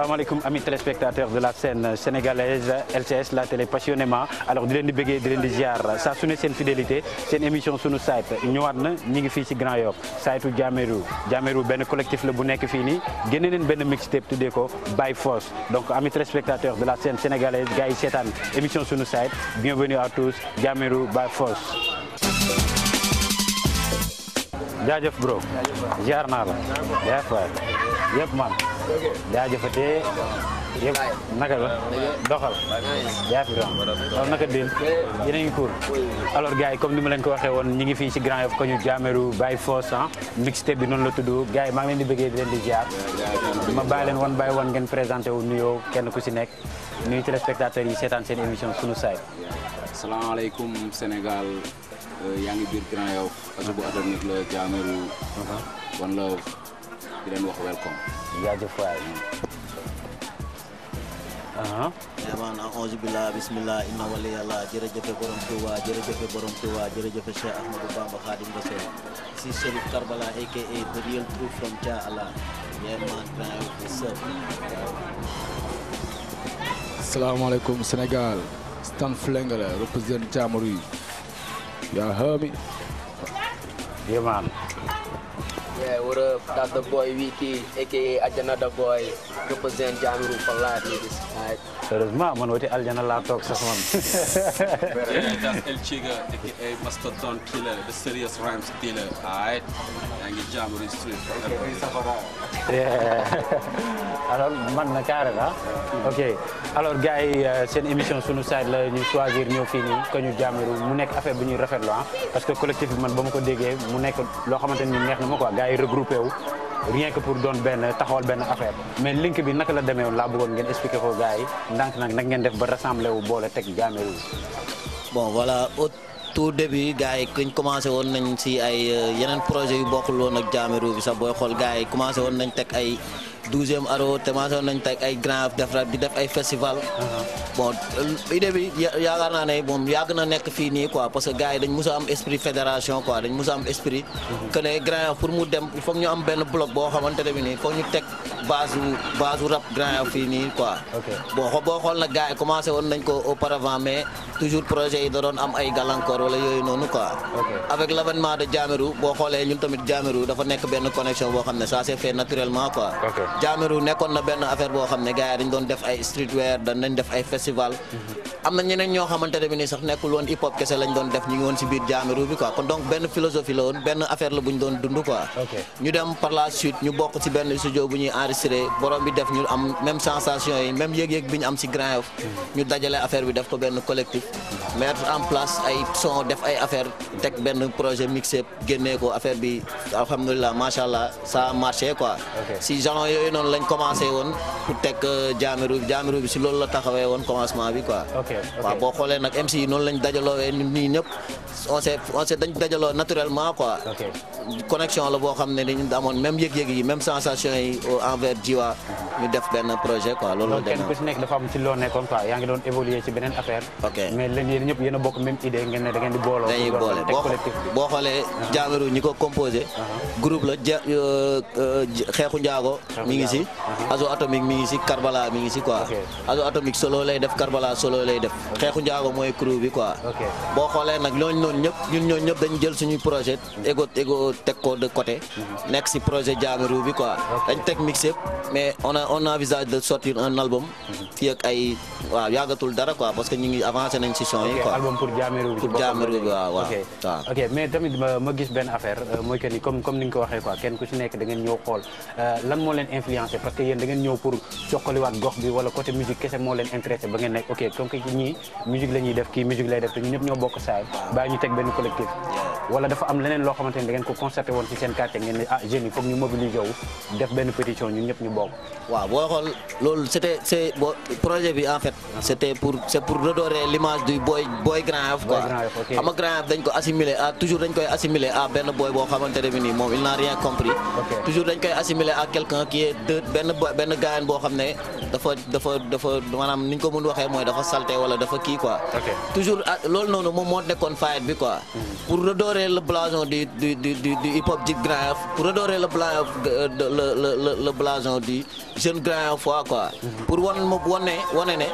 salaamaaleykum amis téléspectateurs de la scène sénégalaise LCS la télé passionnément alors di leen di bëggee di leen di ziar ça su ne seen fidélité seen émission sunu site ñëwaat na ñi ngi fii ci Grand Yoff saytu Jahmerue Jahmerue benn collectif la bu nekk fii nii génne neen mixtape tuddee ko By Force donc amis téléspectateurs de la scène sénégalaise gars yi seetaan émission sunu site bienvenue à tous Jahmerue By Force jaajëf bro ziar naa la yëpp man jaajëfatee yëpp naka la doxal yaa fi doon waaw naka din yeneen ngi cool yi comme ni ma leen ko waxee woon ñi ngi fii ci Grand Yoff ko ñu jaameru Baye Foss ah mixte bi noonu la tudd gars yi maa ngi leen bëggee di leen di ziar ma bàyyi leen wan bàyyi wan ngeen présenté wu nuyoo kenn ku ci nekk nuyu téléspectateurs yi seetaan seen émission sunu saay asalaamaaleykum Sénégal euh, yaa ngi biir Grand Yoff asubu atomique la jaameru wan la di leen welcome jaajëfwaay uh-huh. ah maanaam aouzu billah bismillah inna waliyallah jërëjëfe borom Tuuba jërëjëfe borom Tuuba jërëjëfe Cheikh Ahmadou Bamba Khadim Rasoul si Cherif Karbala aka the real truth from Jah Allah yeah man trying to serve asalaamaaleykum Sénégal Stan Flengale represent Jahmerue yaa heard me yeah man Yeah, what up? That's the boy Wiki, aka Ajanada boy. Represent Jamru for life, niggas. Alright. So does my man Aljana laptop says one. Yeah, that's El Chiga, aka Mastodon Killer, the serious rhymes dealer. Alright. And you Jamru street. Yeah. Alors, man na carré là. OK. Alors gars yi euh, seen émission sunu side la ñu choisir ñëw fii nii ko ñu Jamru mu nekk affaire bu ñuy rafetlu ah parce que collectif bi man ba ma ko déggee mu nekk loo xamante ni neex na gars yi regroupé wu rien que pour doon benn taxawal benn affaire mais link bi naka la demee woon laa ngeen expliqué ko gars yi ndànk nag ngeen def ba rassemblé boole teg jaameru bon voilà au tout début gars yi kuñ woon nañ si ay euh, yeneen projet yu bokkul woon ak jaameru bi sax booy xool gars yi commencé woon nañ teg ay 12e aro te maasoon nañ teg ay grand def ay festival uh-huh. bon idée bi yaakaar ne moom yàgg na nekk fii nii quoi parce que gars yi dañ mos a am esprit fédération quoi dañ mos am esprit uh-huh. que ne grand pour mu dem foog ñu am benn bloc boo xamante ne bi nii foog ñu teg base u base grand fii nii quoi bon boo xool nag gars yi commencé woon nañ ko auparavant mais toujours projet yi da doon am ay gàllankoor wala yooyu noonu quoi avec l'avènement de Jahmerue boo xoolee ñun tamit Jahmerue dafa nekk benn connexion boo xam ne ça s'est fait naturellement quoi Jaamiru nekkoon na benn affaire boo xam ne gars dañ doon def ay streetwear dañ dañ def ay festival am na ñeneen ñoo xamante ne bi ni sax nekkul woon hip hop kese lañ doon def ñu ngi woon si biir Jaamiru bi quoi kon donc ben philosophie la woon ben affaire la bu ñu doon dund quoi ñu dem par la suite ñu bokk si benn studio bu ñuy enregistré borom bi def ñu am même sensation yi même yëg-yëg bi am si Grand Yoff ñu dajale affaire bi def ko benn collectif mettre en place ay son def ay affaire teg benn projet mixé génnee ko affaire bi alhamdulilah macha allah ça a marché quoi si genre yooyu yooyu noonu lañ commencé woon pour teg jaamiru bi jaamiru bi si loolu la taxawee woon commencement bi quoi. waaw boo xoolee nag MC yi lañ dajaloowee nit ñi ñëpp on dañ dajaloo naturellement quoi. connexion la boo xam ne dañu amoon même yëg-yëg yi même sensation envers Jiwa ñu def benn projet quoi loolu la kenn a boole boo xoolee jaamiru ñi ko composé. Uh-huh. groupe la euh, euh, xeexu njaago uh-huh. mi ngi si azo atomique mi Karbala mi ngi si quoi solo lay def Karbala solo lay def xeexu njaago mooy crew bi quoi boo xoolee nag ñooñu noonu ñëpp ñun ñooñu ñëpp dañu jël suñuy projet égo teg ko de côté mhm. nekk si projet jaamiru bi quoi dañ teg mix mais on envisage de sortir un album mhm. fii ay waaw yàggatul dara quoi parce que ñu nañ si son yi quoi album pour jaamiru bi pour jaamiru ma gis benn affaire euh, mooy que ni comme comme ni nga ko waxee quoi kenn ku si nekk da ngeen influencé parce que yéen da ngeen ñëw pour soqaliwaat gox bi wala côté musique kese moo leen intéressé ba ngeen nekk ok comme que ñii musique la ñuy def kii musique lay def te ñu ñëpp ñoo bokk saay bàyyi ñu teg benn collectif wala dafa am leneen loo xamante ne da ngeen ko constaté woon ci seen quartier ngeen ah jeunes yi foog ñu mobiliser wu def ben pétition ñun ñëpp ñu bokk waaw boo xool loolu c'était c'est projet bi en fait c'était pour c'est pour redorer l'image du boy boy Grand Yoff quoi xam nga Grand Yoff dañ ko assimilé à toujours dañ koy assimilé à ben boy boo xamante ne bi il n'a rien compris toujours dañ koy assimilé à quelqu'un qui te te benn benn gaayan boo xam ne dafa dafa dafa maanaam ni ñu ko mun waxee mooy dafa salté wala dafa kii quoi. toujours ah, loolu noonu moom moo nekkoon faayet bi quoi. Mm. pour redorer le blason du du du du hip hop du Grand Yoff pour redorer le bla le le blason du jeune Grand Yoff quoi. Mm-hmm. pour wan ma wone wane ne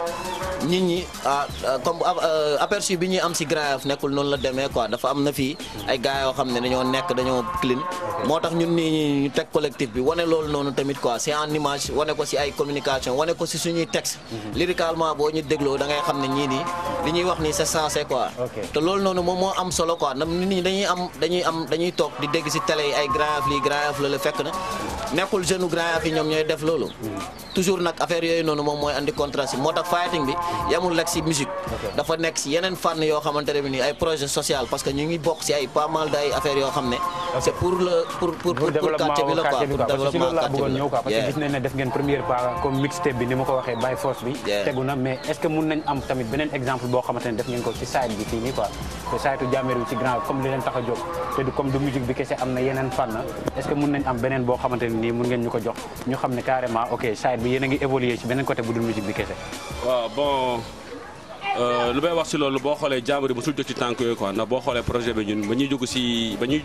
nit ñi ah, ah, comme euh, aperçu bi ñuy am si Grand Yoff nekkul noonu la demee quoi dafa am na fii ay gars yoo xam ne dañoo nekk dañoo clean moo tax ñun nii ñu teg collectif bi wane loolu noonu tamit. quoi c'est en image wane ko si ay communication wane ko si suñuy texte lyricalement boo ñu dégloo da xam ne ñii nii li ñuy wax nii c'est sensé quoi te loolu noonu moom moo am solo quoi nit ñi dañuy am dañuy toog di dégg si télé yi ay grand lii grand la la fekk na nekkul jeune grand yi ñoom ñooy def loolu mm-hmm. toujours nag affaire yooyu noonu moom mooy andi contraste moo tax fighting bi yamul rek si musique dafa nekk si yeneen fànn yoo xam ne quoi parce que gis nañ ne def ngeen première part comme mixtape bi ni ma ko waxee by bi tegu mais est ce que mun nañ am tamit beneen exemple boo xamante def ngeen ko ci site bi fii nii quoi bi ci a jóg te du comme du musique bi kese am na yeneen fànn est ne nii mun ngeen ñu ko jox bi yéen a ci euh, wax si loolu boo xoolee Jahmerue mosul boo xoolee projet bi ñun ba ñuy jóg si ba ñuy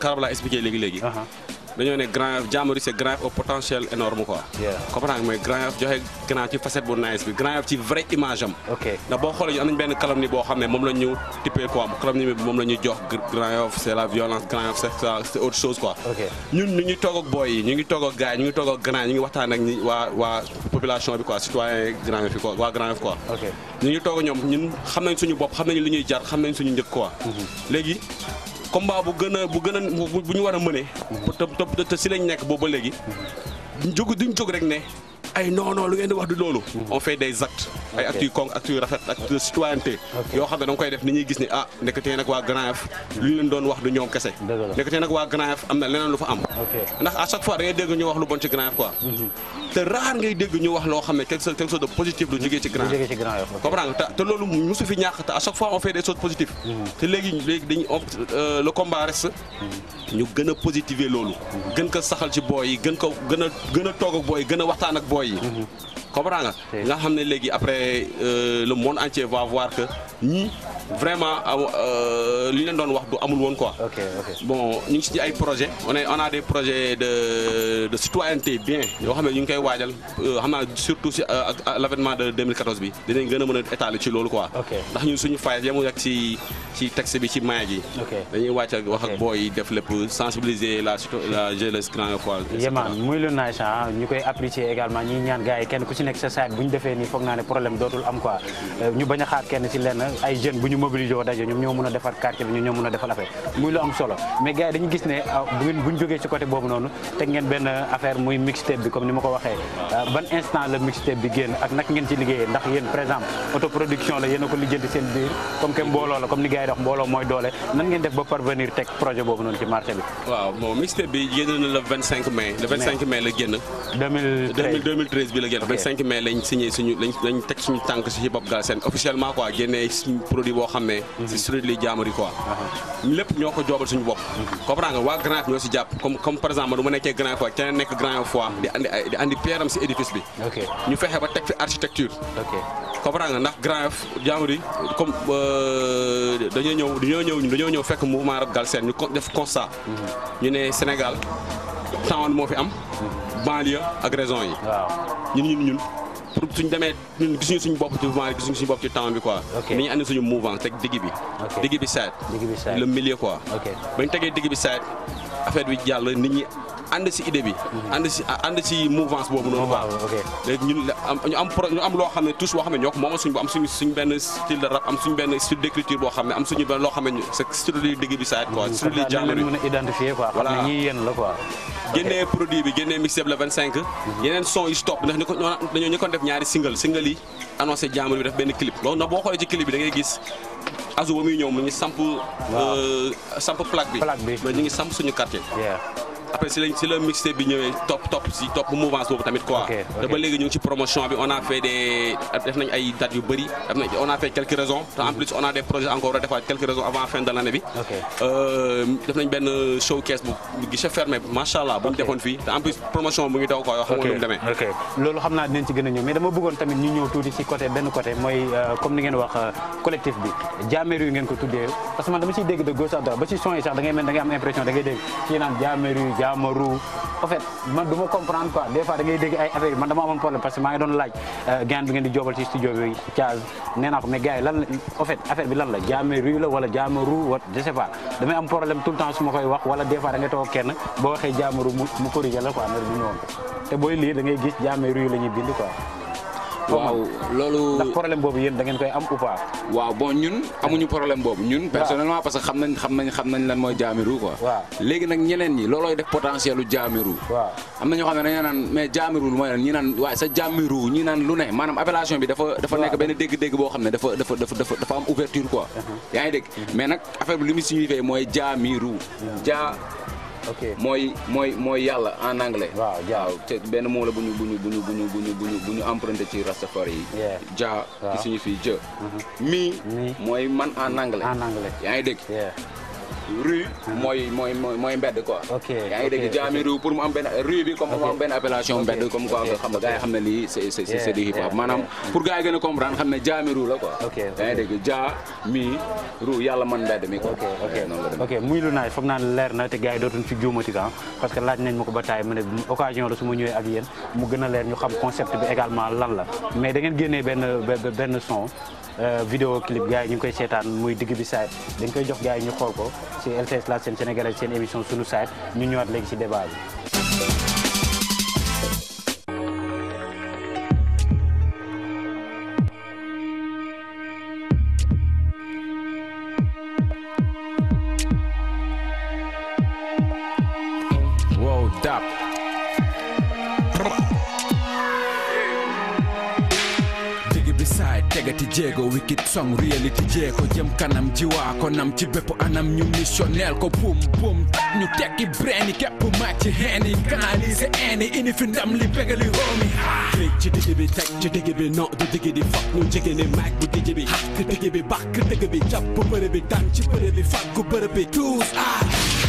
comme léegi léegi uh-huh. dañoo ne Grand Yoff Jahmerue c'est Grand Yoff au potentiel énorme quoi. Grand Yoff joxe Grand Yoff ci vrai image am. boo xoolee ñu am nañ benn boo xam ne moom la ñu tippee quoi moom la ñuy jox Grand Yoff c'est la violence Grand Yoff c'est ça chose quoi. ñun ñu ngi toog ak boy ñu ngi toog gars ñu ngi toog ak grand yi ñu ngi waxtaan ak ñi waa waa population bi citoyen Yoff yi waa Grand Yoff quoi. ñu ngi toog ñoom ñun xam nañ suñu bopp xam nañ li ñuy jar xam nañ suñu njëkk ko mhm. léegi combat bu gën a bu gën a bu ñu war a mëne mm-hmm. te te si lañ nekk boobu ba léegi duñ mm-hmm. jóg duñ jóg rek ne ay non non lu ngeen di wax du loolu. Hmm. on fait des actes. ay actes yu kon actes yu rafet actes de citoyenneté. yoo xam ne koy def ni ñuy gis ni ah nekkatee nag waa Grand Yoff lu ñu leen doon wax du ñoom kese. nekkatee nag waa Grand Yoff am na leneen lu fa am. ndax à chaque fois da dégg ñu wax lu bon ci Grand Yoff quoi. Mhm. te rare ngay dégg ñu wax loo xam ne quelque chose de positif lu jógee ci Grand Yoff. comprends te loolu mosu fi ñàkk te à chaque fois on fait des choses mhm. te léegi léegi dañuy euh, le combat reste. Mhm. ñu gën a 可嗯。comprends nga nga xam ne léegi après euh, le monde entier va voir que ni vraiment euh, li leen doon wax du amul woon quoi. OK OK bon ñu ci ay projet on est on a des projets de de citoyenneté bien yo xamné ñu ngi koy waajal euh, xamna surtout ci l'avènement de 2014 bi dinañ gën a mën étaler ci lolu quoi. ndax ñun suñu faay yamu rek ci ci texte bi ci maye ji. dañuy wàcc ak wax ak booy def lépp sensibiliser la la jeunesse grand quoi. yéen muy lu nice ah. ñu koy apprécier également ñi ñaan gars yi kenn ku ci Nek sa saak bu ñu defee nii foog naa problème dootul am quoi euh, ñu bañ a xaar kenn si lenn ay jeunes bu ñu mobilisé woo daje ñoom ñoo mën a quartier bi ñoo mën a affaire muy lu am solo mais gars yi dañu gis ne euh, bu ngeen bu ñu jógee ci côté boobu noonu teg ngeen benn affaire muy mixtape bi comme ni ko waxee euh, ban instant la mixtape bi génn ak naka ngeen ci liggéeyee ndax yéen par exemple autoproduction la yéen a ko lijjanti seen biir comme que mbooloo la comme ni gars yi wax mbooloo mooy doole nan ngeen def ba parvenir teg projet boobu noonu ci marché bi waaw bon mixtape bi génn na le 25 mai le 25 mai la génn 2013 bi la génn 5 mai lañ signé suñu lañ lañ teg suñu tànk si hip hop Galsen officiellement quoi génnee suñu produit boo xam ne. Mhm. si street li jaamari quoi. Uh-huh. lépp ñoo ko joobal suñu bopp. Mhm. comprendre nga waa Grand Yoff ñoo si jàpp comme comme par exemple man du ma nekkee Grand Yoff quoi keneen nekk Grand Yoff quoi di andi di andi peeram si édifice bi. ba teg fi architecture. comprendre nga ndax Grand Yoff jaamari comme euh, dañoo ñëw ñëw dañoo ñëw fekk mouvement rap Galsen ñu def constat. Mhm. ñu ne Sénégal temps moo fi am. banlieue ak raison yi. ñun ñun ñun pour suñ demee gisuñu suñu bopp ci gisuñu suñu bopp ci temps bi quoi. suñu mouvance teg digg bi. digg bi seet. digg bañ tegee digg bi affaire bi jàll nit ñi ànd si idée bi. ànd si mouvance boobu noonu. waaw am loo xam ne tous boo xam ne ñoo ko moom suñ am suñ suñ benn style de rap am suñ benn style d'écriture boo xam ne am suñu benn loo xam ne dégg bi saa quoi. style luy jàmbur yi mën a identifier quoi. ñii yéen la quoi. génnee produit bi génnee mmh. def ñaari single single yi annoncé jàmbur bi def benn clip loolu nag boo xoolee ci clip bi da gis asu ba muy ñëw mu ngi samp. Euh, samp plaque bi plaque bi ñu ngi samp suñu quartier. après si le si la mixtape bi ñëwee topp topp si top mouvement boobu tamit quoi te ba léegi ñu ci promotion bi on a fait des def nañ ay dates yu bëri on a fait quelques raisons en plus on a des projets encore war a quelques raisons avant fin de l'année bi euh, def nañ benn showcase bu guichet fermé macha allah bu ñu defoon fii en plus promotion bu ngi daw quoi yoo xam nga nu mu demee loolu dinañ ci gën a ñëw mais dama bëggoon tamit ñu ñëw tuuti si côté ben côté mooy euh, comme ni ngeen wax euh, collectif bi jaameru ngeen ko tuddee parce que man dama ciy dégg de gauche à droite ba ci son et ça da ngay mel da ngay am impression da ngay dégg kii naan jaameru jaamaru en fait du ma comprendre quoi des fois da dégg ay affaire man dama amoon problème parce que maa ngi doon laaj euh, gaan bi ngeen di joobal ci studio bi Thiaz nee naa ko mais gars yi affaire bi lan la jaamaru la wala jaamaru wa je sais damay am problème tout le temps su ma koy wax wala des fois da toog kenn boo waxee jaamaru mu corrigé la quoi bi ñëwoon te booy lii da ngay gis jaamaru la ñuy bind waaw loolu ndax problème boobu yéen da ngeen koy am ou pas. waaw bon ñun amuñu problème boobu ñun. personnellement parce que xam na xam nañ xam nañ lan mooy jaamiru quoi. waaw léegi nag ñeneen ñi loolooy def potentiel lu na ñoo xam ne dañoo naan mooy lan ñi waaye sa jaamiru ñi lu ne maanaam appellation bi dafa. dafa nekk benn dégg-dégg boo xam ne dafa dafa dafa dafa am ouverture quoi. Uh-huh. yaa ngi dégg uh-huh. mais nag affaire bi li muy signifié mooy jaamiru. jaa mooy mooy mooy yàlla en anglais. waaw jaa waaw te benn moo la bu ñu bu ñu bu ñu bu ñu bu ñu bu ñu bu ñu emprunté ci rastafari yi. jaa. waaw ki signifie Dieu. Mhm. mi. mooy man en anglais. en anglais yaa ngi dégg. rue mooy mooy mooy mbedd quoi yaa ngi dégg jaami rue pour mu am benn rue bi comme mu am benn appellation mbedd comme quoi nga xam ne gars yi xam ne lii c'est c'est du hip hop maanaam pour gars yi gën a comprendre xam ne jaami rue la quoi yaa ngi dégg jaa mi yàlla man mbedd mi quoi muy lu naaj foog naa leer na te gars yi dootuñ fi juumati ah parce que laaj nañ ma ko ba taay ma ne occasion la su ñëwee ak yéen mu gën a leer ñu xam concept bi également lan la mais da ngeen génnee benn benn son Euh, vidéo clip gars yi ñu ngi koy seetaan muy digg bi saay dañ koy jox gars ñu ko si LCS la seen sénégalais seen émission sunu saay ñu ñëwaat léegi si débat bi. dap. tegati jéego wicked song reality jéego jëm kanam jiwaa ko nam ci bépp anam ñu missionnel ko buum buum ñu tekki breeni képp màcc ci heeni canaliser heeni ini fi ndam li bégali hoomi léeg ci digg bi teg ci digg bi non du digg di fokk ñu jege ne maag bu digg bi xàkk digg bi bàkk digg bi jàpp bërë bi daan ci bërë bi fàkku bërë bi tuus ah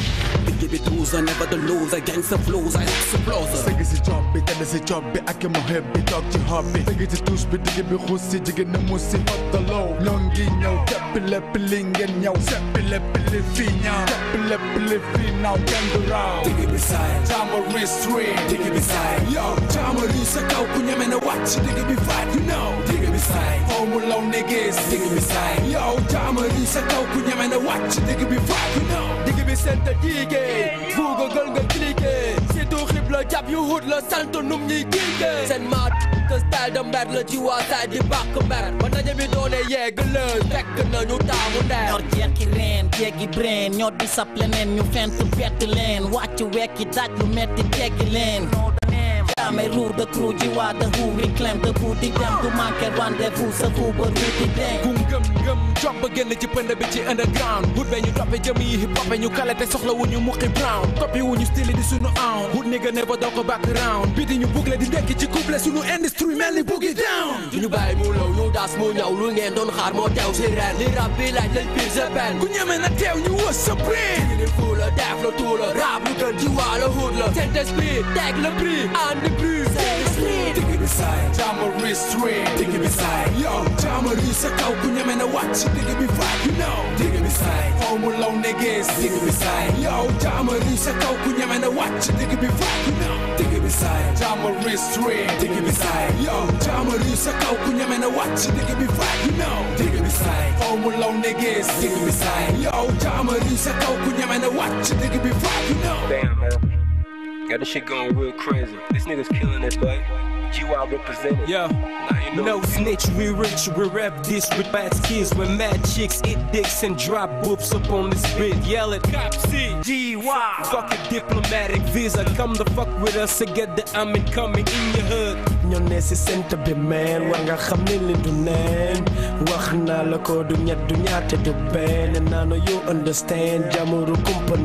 بيت روزة never the loser gangster flows I have applause سجس جابي تنس جابي أكي محب توكي هابي سجس توشبي تجيبي خوسي جيجي نموسي بطلو لونجي نيو كابلة بلينجن نيو سابلة بلي فينا كابلة بلي فينا وكندراو تيجي بساي تامري ستريم تيجي بساي يو تامري سكاو كنيا منا واتش تيجي بفايت you know تيجي بساي فورمولا ونجيز تيجي بساي يو تامري سكاو كنيا منا واتش تيجي بفايت you know تيجي بسنتا ديجي vous google nga cliqué c'est horrible la jàpp yu hut la sant num ñuy kiike seen maa que style de mber la ci waasaay di bàkk mber ba nañu bi doone yegg la fekk nañu taamu ndeer ñor jekki reen jeggi breen ñor di sap leneen ñu fent bett leen wàcc wekki daj lu metti teggi leen mais roue de crew ji waa de who reclaim debout di dem du manqué rendez-vous sa ruuti den Drop again, génn ci pënd bi ci underground wut be ñu drop jëm yi hip hop ñu kale te soxla wu ñu muqi brown copy wu je stil di de zonne aan. nigga ne ba doo ko background bi di ñu boucle di in ci couple sunu industry en die boogie down duñu bàyyi mu law ñu daas mu ñaw lu ngeen don xaar moo teew si ren rap, rab bi laaj lañ pir sa benn ku ñeme na teew ñu wës sa prix ni fuu la def la tuu la rab la hut and the Take it beside, Jamari Street. Take it beside, yo, jammer sa kaw ku ñeme na She digga me right, you know Digga me side Oh mulong niggas Digga me side Yo jamari sa kau punya mana watch Digga me right, you know Digga me side Jamari stream Digga me side Yo jamari sa kau punya mana watch Digga me right, you know Digga me side Oh mulong niggas Digga me side Yo jamari sa kau punya mana watch Digga me right, you know Damn man Got this shit going real crazy. This nigga's killing this, boy. You are represented. Yeah. You know no snitch, we rich, we rap this with bad skills. We mad chicks, eat dicks and drop whoops up on this bit. Yell at G Y. C, G, Y. Fuck a diplomatic visa. Come the fuck with us together. get the I'm incoming in your hood. ñoo ne si sent bi man, war nga xam ne li du neen wax naa la ko du ñett du ñaate du benn naa no you understand jamono kumpa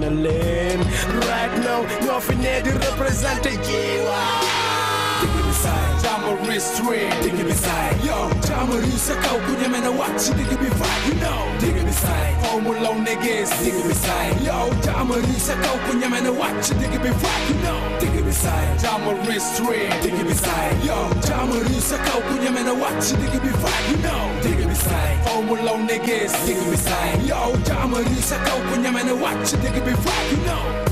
right now you're ne represent the jiwaa beside Jamboree string Diggy beside Yo Jamboree sakau kunya mena wachi Diggy beside You know Diggy beside Formula niggas Diggy beside Yo Jamboree sakau kunya mena wachi Diggy beside You know it beside Jamboree string Diggy beside Yo Jamboree sakau kunya mena wachi Diggy beside You know Diggy beside Formula niggas Diggy beside Yo Jamboree sakau kunya mena wachi Diggy beside You know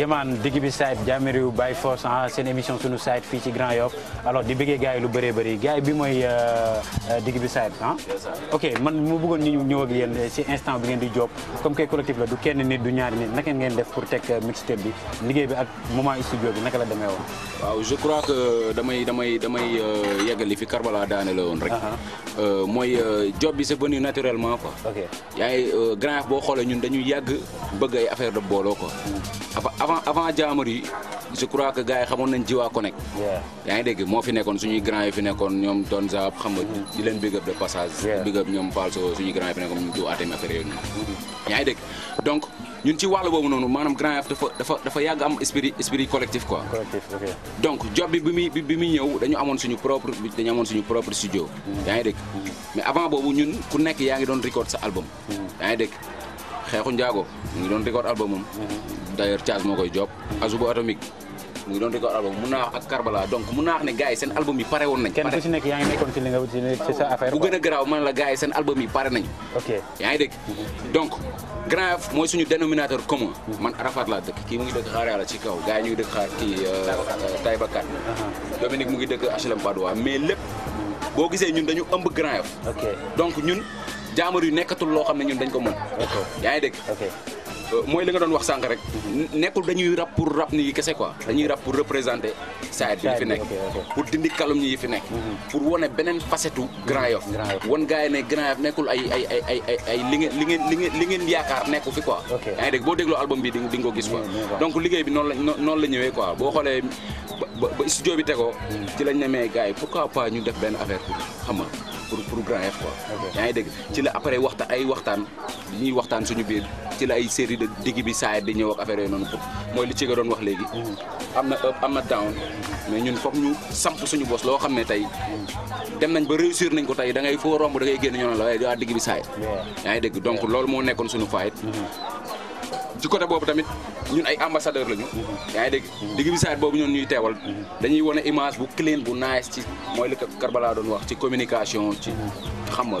yéemaan digg bi site jaamiru Baye Force ah, seen émission sunu site fii ci Grand Yoff alors di bëggee gars yi lu bëree bëri gars yi bi mooy euh, euh, digg bi site ah. ok man mu bëggoon ñu ñëw ak yéen si euh, instant bi ngeen di job comme que collectif la du kenn nit du ñaari nit naka ngeen def pour teg mixtape bi liggéey bi ak moment studio bi naka la demee woon. waaw je crois que damay damay damay yeggali fi Karbala daane la woon rek. Uh-huh. mooy job bi c'est venu naturellement quoi. ok yaay Grand boo xoolee ñun dañuy yàgg bëgg ay de booloo quoi. Mm. avant avant jaamari yi je crois que gars yi xamoon nañ jiwaa connect yaa ngi dégg moo fi nekkoon suñuy grand yi fi nekkoon ñoom doon zab xam nga di leen big up de passage bi bi bi muy ñëw dañu amoon suñu propre suñu propre studio. Mm. yaa ngi dégg mais avant boobu ñun ku nekk yaa ngi doon record sa album. Mm. yaa ngi dégg. xeexu njaago mu ngi doon record albumam mhm. d'ailleurs Thiaz moo koy job Azubu Atomique mu ngi doon record album mun naa wax Karbala donc mun naa wax ne gars yi seen album yi pare woon nañ bu gën a garaaw man la gars yi seen album yi pare nañ ok yaa ngi dégg mhm. donc Grand Yoff mooy suñu dénominateur commun mhm. man Arafat laa mu ngi dëkk xaar yàlla ci kaw gars yi ñu ngi dëkk xaar kii euh, Taïba Kat euh, uh-huh. Dominique mu ngi dëkk HLM Padoua mais lépp boo gisee ñun dañu ëmb Grand Yoff donc ñun jaamur yu nekkatul loo xam ne ñoom dañ ko mën. yaa ngi dégg. Euh, mooy la nga doon wax sànq rek. nekkul dañuy rap pour rap ni yi kese quoi dañuy rap pour représenté saa bi li fi nekk pour dindi kalum yi fi nekk. Mhm. pour wane beneen facette Grand Yoff. wan gars ne Grand Yoff nekkul ay ay ay ay ay li ngeen li ngeen li ngeen yaakaar nekku fi quoi. yaa ngi dégg boo dégloo album bi di nga ko la noonu la ñëwee quoi boo xoolee. ba ba studio bi tegoo. ci lañ ne mais gars yi pourquoi pas ñu def benn affaire pour xam nga pour pour grand F yaa ngi dégg ci la après waxta ay waxtaan ñuy waxtaan suñu biir ci la ay série de digg bi saa di ñëw ak affaire yooyu noonu pour mooy li ci nga doon wax léegi. Mm-hmm. am na up am na down. mais ñun foog ñu samp suñu bos loo xam ne tey dem nañ ba réussir nañ ko tey da ngay foo romb da ngay génn ñoo la waaye daa digg bi saay yaa ngi dégg donc loolu moo nekkoon suñu faayit mm-hmm. ci côté boobu tamit ñun ay ambassadeur lañu. yaa ngi dégg digg bi boobu ñun ñuy teewal. dañuy wone image bu clean bu nice ci mooy li Karbala doon wax ci communication ci xam nga.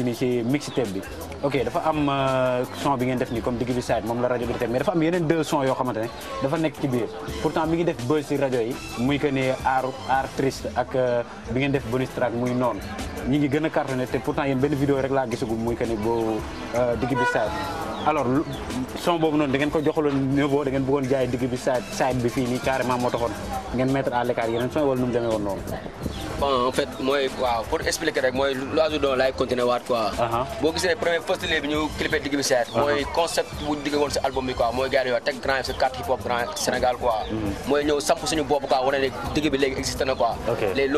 ngi nii ci mixtape bi ok dafa am euh, son bi ngeen def nii comme digg bi side moom la rajo bi def mais dafa am yeneen deux sons yoo xamante ne dafa nekk ci biir pourtant mi ngi def buzz ci rajo yi muy que aar aar ak euh, bi ngeen def bonus track muy noon ñi ngi gën a cartonné te pourtant yéen benn vidéo rek laa gisagum muy que ne boo euh, digg bi side alors son boobu noonu da ngeen ko joxaloon niveau da bëggoon jaay digg bi side side bi fii nii carrément moo taxoon ngeen bon en fait mooy waaw pour expliquer mooy loiseau doon laay continuer waat uh-huh. bi ñu mooy uh-huh. concept bu digg teg grand hip hop grand Sénégal quoi mm-hmm. mooy ñëw samp suñu bopp quoi wane ne digg bi léegi existé na quoi léegi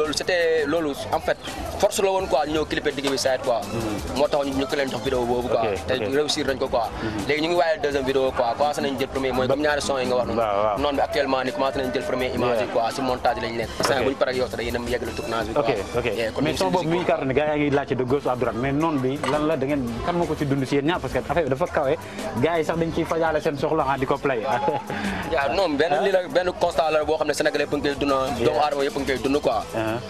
loolu en fait force la woon quoi ñu ñëw clippé digg bi seet mm-hmm. moo tax ñu ko leen jox boobu quoi te réussir nañ ko quoi mm-hmm. léegi ñu ngi waajal deuxième vidéo quoi commencé nañ jël premier mooy comme ñaari son yi nga wax noonu noonu bi actuellement personnage bi. ok ok mais son boobu mi ngi cartonné gars yaa ngi laajte de gauche à mais noonu bi lan la da ngeen moo ko ci dund si yéen ñaar parce que affaire bi dafa kawe gars yi sax dañ ciy fajaale seen soxla ah ko play. waaw non benn lii benn constat la boo xam ne Sénégalais yëpp a ngi koy dund.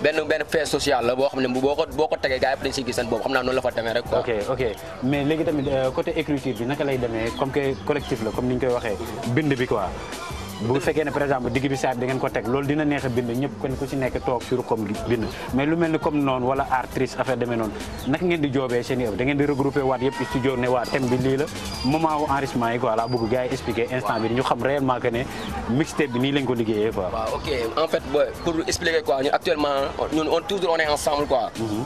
doomu benn fait social boo xam ne boo ko tegee gars yëpp dañ seen boobu xam naa noonu la fa demee rek quoi. ok mais léegi tamit euh, côté écriture bi naka lay demee comme que collectif bu fekkee ne par exemple digg bi saab ko teg loolu dina neex bind ñëpp kenn ku ci toog sur comme bind mais lu mel ni comme noonu wala artiste affaire demee noonu naka ngeen di joobee seen yow ko liggéeyee quoi waaw pour expliquer quoi actuellement toujours on ensemble quoi mhm.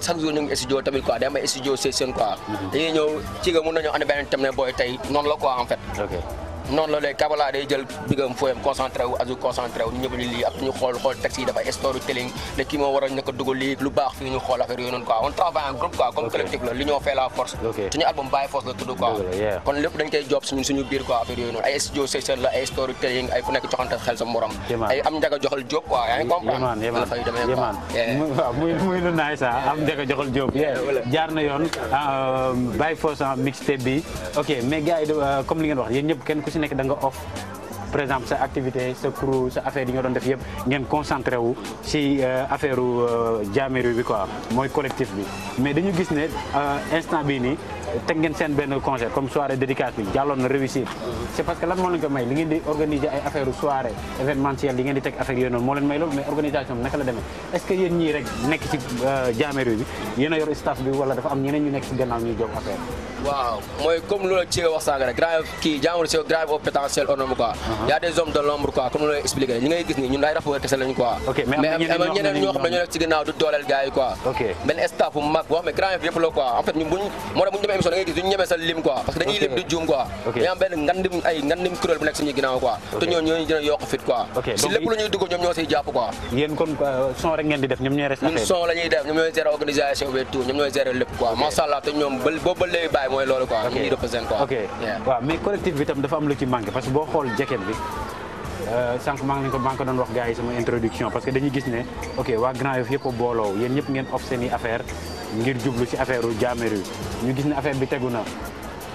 chaque jour ñu ngi studio tamit quoi day mhm. tey noonu la quoi en fait people. noonu la léegi Kabala day jël diggam fooyam concentré wu Azou concentré wu ñu ñëpp lii ak ñu xool xool texte yi dafay storytelling ne kii moo war a ñëkk a dugal lii lu baax fii ñu xool affaire yooyu noonu quoi on travaille en groupe quoi comme collectif la li ñoo fait la force suñu album Baye Force la tudd quoi kon lépp dañ koy job suñu suñu biir quoi affaire yooyu noonu ay studio session la ay storytelling ay ku nekk joxante xel sa morom ay am njaga joxal jóob quoi yaa ngi comprendre la fay demee waaw muy muy lu naay ah. sa am njaga joxal jóob jaar na yoon ah, um, Baye Force ah, mixtape bi ok mais gars yi euh, comme li ngeen wax yéen ñëpp kenn ku si nekk da nga off par exemple sa activité sa crew sa affaire yi nga doon def yëpp ngeen concentré wu si euh, affaire u euh, jaameru bi quoi mooy collectif bi mais dañu gis ne euh, instant bii nii teg ngeen seen benn concert comme soirée dédicace bi jàlloon réussir c' parce que lan moo leen ko may li ngeen di organiser ay affaire soirée événementielle li ngeen di teg affaire yooyu moo leen may loolu mais organisation bi naka la demee est ce que yéen ñii rek nekk ci euh, affaire waaw mooy comme loolu ci wax sànq rek grave kii jaameru c'est grave au potentiel uh-huh. honneur mais am ñeneen ñoo xam ne ñoo nekk ci gannaaw du dooleel gars yi quoi benn staff bu so da ngay gis duñu sa lim quoi parce que dañuy lim du juum quoi dañu am benn ngandim ay fit quoi si lépp lu ñuy dugg ñoom ñoo siy jàpp quoi yéen kon son ngeen di def ñoom ñooy resté ñun son la ñuy def ñoom ñooy gérer organisation bi tout ñoom ñooy gérer lépp quoi macha allah te ñoom ba boobu ba léegi bàyyi mooy loolu quoi ñu bi tam dafa am lu ci manqué parce que boo xool jeket bi euh, sànq maa ngi ko maa wax gars yi sama introduction parce que dañuy gis ngir jublu ci affaire u Jahmerue ñu gis ne affaire bi tegu na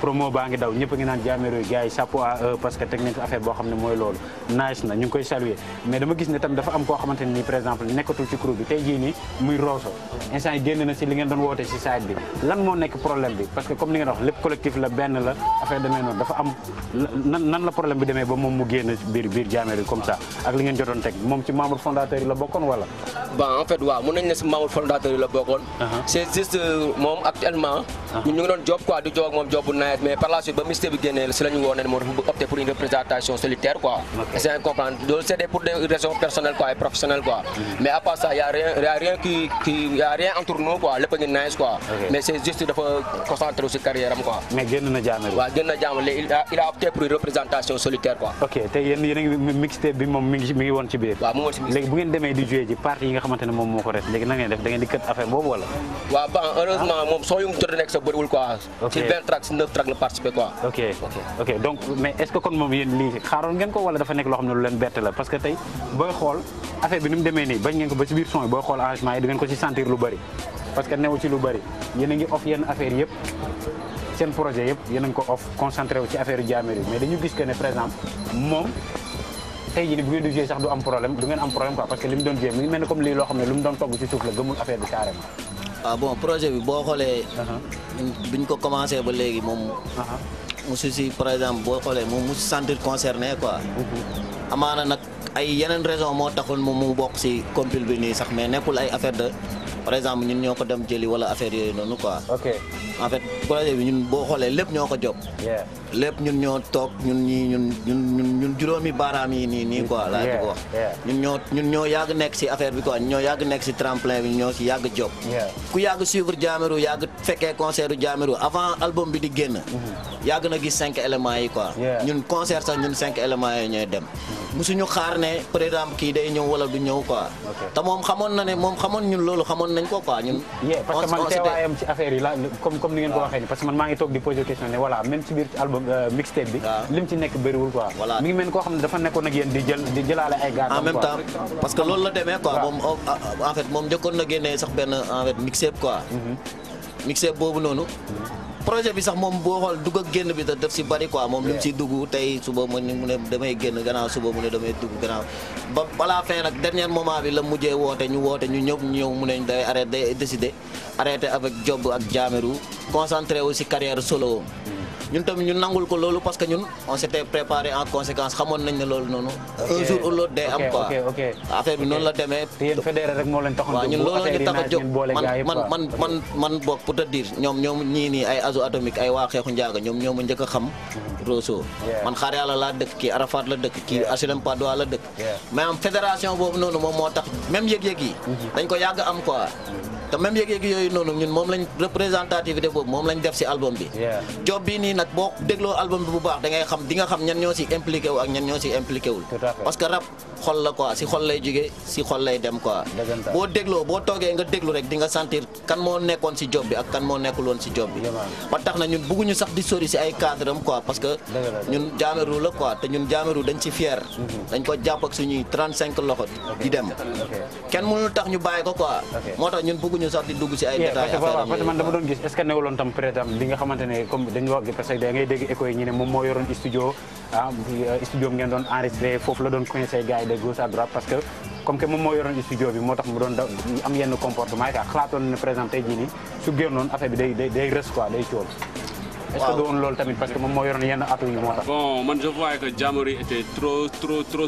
promo baa ngi daw ñëpp ngi naan jaameroy gars yi chapeau à eux parce que technique affaire boo xam ne mooy nice na ñu ngi koy saluer mais dama gis ne tam dafa am koo xamante ne nii par exemple nekkatul ci crew bi tey jii nii muy Rosso instant yi na si li ngeen doon woote si side bi lan moo nekk problème bi parce que comme ni ngeen wax lépp collectif la benn la affaire demee noonu dafa am nan nan la problème bi demee ba moom mu génn biir biir jaameroy comme ça ak li ngeen jotoon teg moom ci membre fondateur la bokkoon wala bon en fait waaw mën nañ ne si membre fondateur yi la bokkoon uh-huh. c'est juste euh, moom actuellement uh-huh. ñu ngi doon job quoi di job moom job bu nice mais par la suite ba ministère bi génnee si la ñu woonee moo dafa opté pour une représentation solitaire quoi. c'est un comprendre loolu c'est pour des raisons personnelles quoi et professionnelles quoi. mais à part ça y a rien y a rien qui qui y a rien entre nous quoi lépp a ngi nice quoi. mais c'est juste dafa concentré si carrière am quoi. mais génn na jaamale. waaw génn na jaamale il a il a opté pour une représentation solitaire quoi. ok te yéen yéen a ngi mixtape bi moom mi ngi mi ngi woon ci biir. waaw mu ngi woon ci biir léegi bu ngeen demee di jouer ji partie yi nga xamante ne moom moo ko res léegi na ngeen def da ngeen di kët affaire boobu wala. waaw bon heureusement moom soo yu mu jot a nekk sa bëriwul quoi. ci 20 tracks 9 tracks rek la participer quoi. ok ok donc mais est-ce que kon moom yéen lii xaaroon ngeen ko wala dafa nekk loo xam ne lu leen bett la parce que tey booy xool affaire bi ni mu demee nii bañ ngeen ko ba ci biir son yi xool arrangement yi di ngeen ko ci sentir lu bëri parce que newu ci lu bëri yéen ngi off yenn affaire yëpp seen projet yëpp yéen ngi ko off concentré ci affaire yu jaameer yi mais dañu gis que ne par exemple moom tey jii bu ngeen du am problème waaw ah, bon projet bi boo xoolee. Uh-huh. ñu ko commencé ba léegi moom. Uh-huh. mosu si par exemple boo xoolee moom mosu sentir concerné quoi. Uh-huh. amaana nag ay yeneen raison moo taxul moom mu bokk si compil bi nii sax mais nekkul ay affaire de. par exemple ñun ñoo ko dem jëli wala affaire yooyu noonu quoi. ok en fait projet bi ñun boo xoolee lépp ñoo ko jóg. lépp ñun ñoo toog ñun ñii ñun ñun ñun ñun juróomi yi nii nii quoi. laa di wax ñun ñoo ñun ñoo yàgg nekk si affaire bi quoi ñoo yàgg nekk si tremplin bi ñoo si yàgg jóg. ku yàgg suivre Jahmerue yàgg fekkee concert u Jahmerue avant album bi di génn. Mm-hmm. yàgg na gis cinq éléments yi quoi. ñun concert sax ñun cinq éléments yi ñooy dem. Mm-hmm. musuñu xaar ne par exemple day ñëw wala du ñëw quoi. te moom xamoon na ne moom xamoon ñun loolu xamoon xam nañ ko quoi ñun. yeah parce que man teewaayam ci affaire yi la comme comme ni ngeen ko waxee parce que man maa ngi toog di poser question ne voilà même ci biir album euh, mixtape bi. lim ci nekk bëriwul quoi. voilà mi ngi mel xam ne dafa nekkoon ak yéen di jëlaale ay gars. parce que loolu la demee quoi moom oh, ah, ah, en fait moom njëkkoon na génnee sax benn en fait mixtape quoi. Mhm. mixtape boobu noonu. Mhm. projet bi sax moom boo xool dugg ak génn bi da def si bari quoi moom li mu si dugg tey suba mu ne damay génn gannaaw suba mu ne damay dugg gannaaw ba balaa fee nag dernier moment bi la mujjee woote ñu woote ñu ñëw ñëw mu neñ day arrêté décidé arrêté avec Job ak Jaameru concentré aussi carrière solo ñun tamit ñun nangul ko loolu parce que ñun on s'était préparé en conséquence xamoon nañ ne loolu noonu. un jour ou l'autre am quoi affaire noonu la demee. te yéen fédéré rek moo leen tax a jóg affaire yi naaj ngeen boole gars yi man boog pour ñoom ñoom ñii nii ay azo atomique ay waa xeexu njaaga ñoom ñoo ma njëkk a xam. Mm-hmm. Rosso man xaar yàlla laa dëkk kii Arafat la dëkk kii HLM Padois la dëkk. mais fédération boobu noonu moom moo tax même yëg-yëg yi. Mm-hmm. dañ ko yàgg am quoi. Mm-hmm. te même yëg-yëg yooyu noonu ñun moom lañ représentativité boobu moom lañ def si album bi job bi nii nag boo dégloo album bi bu baax da ngay xam di nga xam ñan ñoo si impliqué wu ak ñan ñoo si impliqué wul parce que rap xol la quoi si xol lay jógee si xol lay dem quoi boo dégloo boo toogee nga déglu rek di nga sentir kan moo nekkoon si job bi ak kan moo nekkul woon si job bi ba tax na ñun bugguñu sax di sori si ay cadre am quoi parce que ñun jaameru la quoi te ñun jaameru dañ si fier mm-hmm. dañ ko jàpp ak suñuy 35 loxo di dem kenn mënul tax ñu bàyyi ko quoi moo tax ñun bugguñu bëgguñu moom moo yoroon studio am yenn comportement yi xalaatoon ne tey jii su génnoon affaire bi day day day day cool est ce que doon loolu tamit parce que moom moo yoroon yenn atu yi moo tax man je vois que Jamori était trop trop trop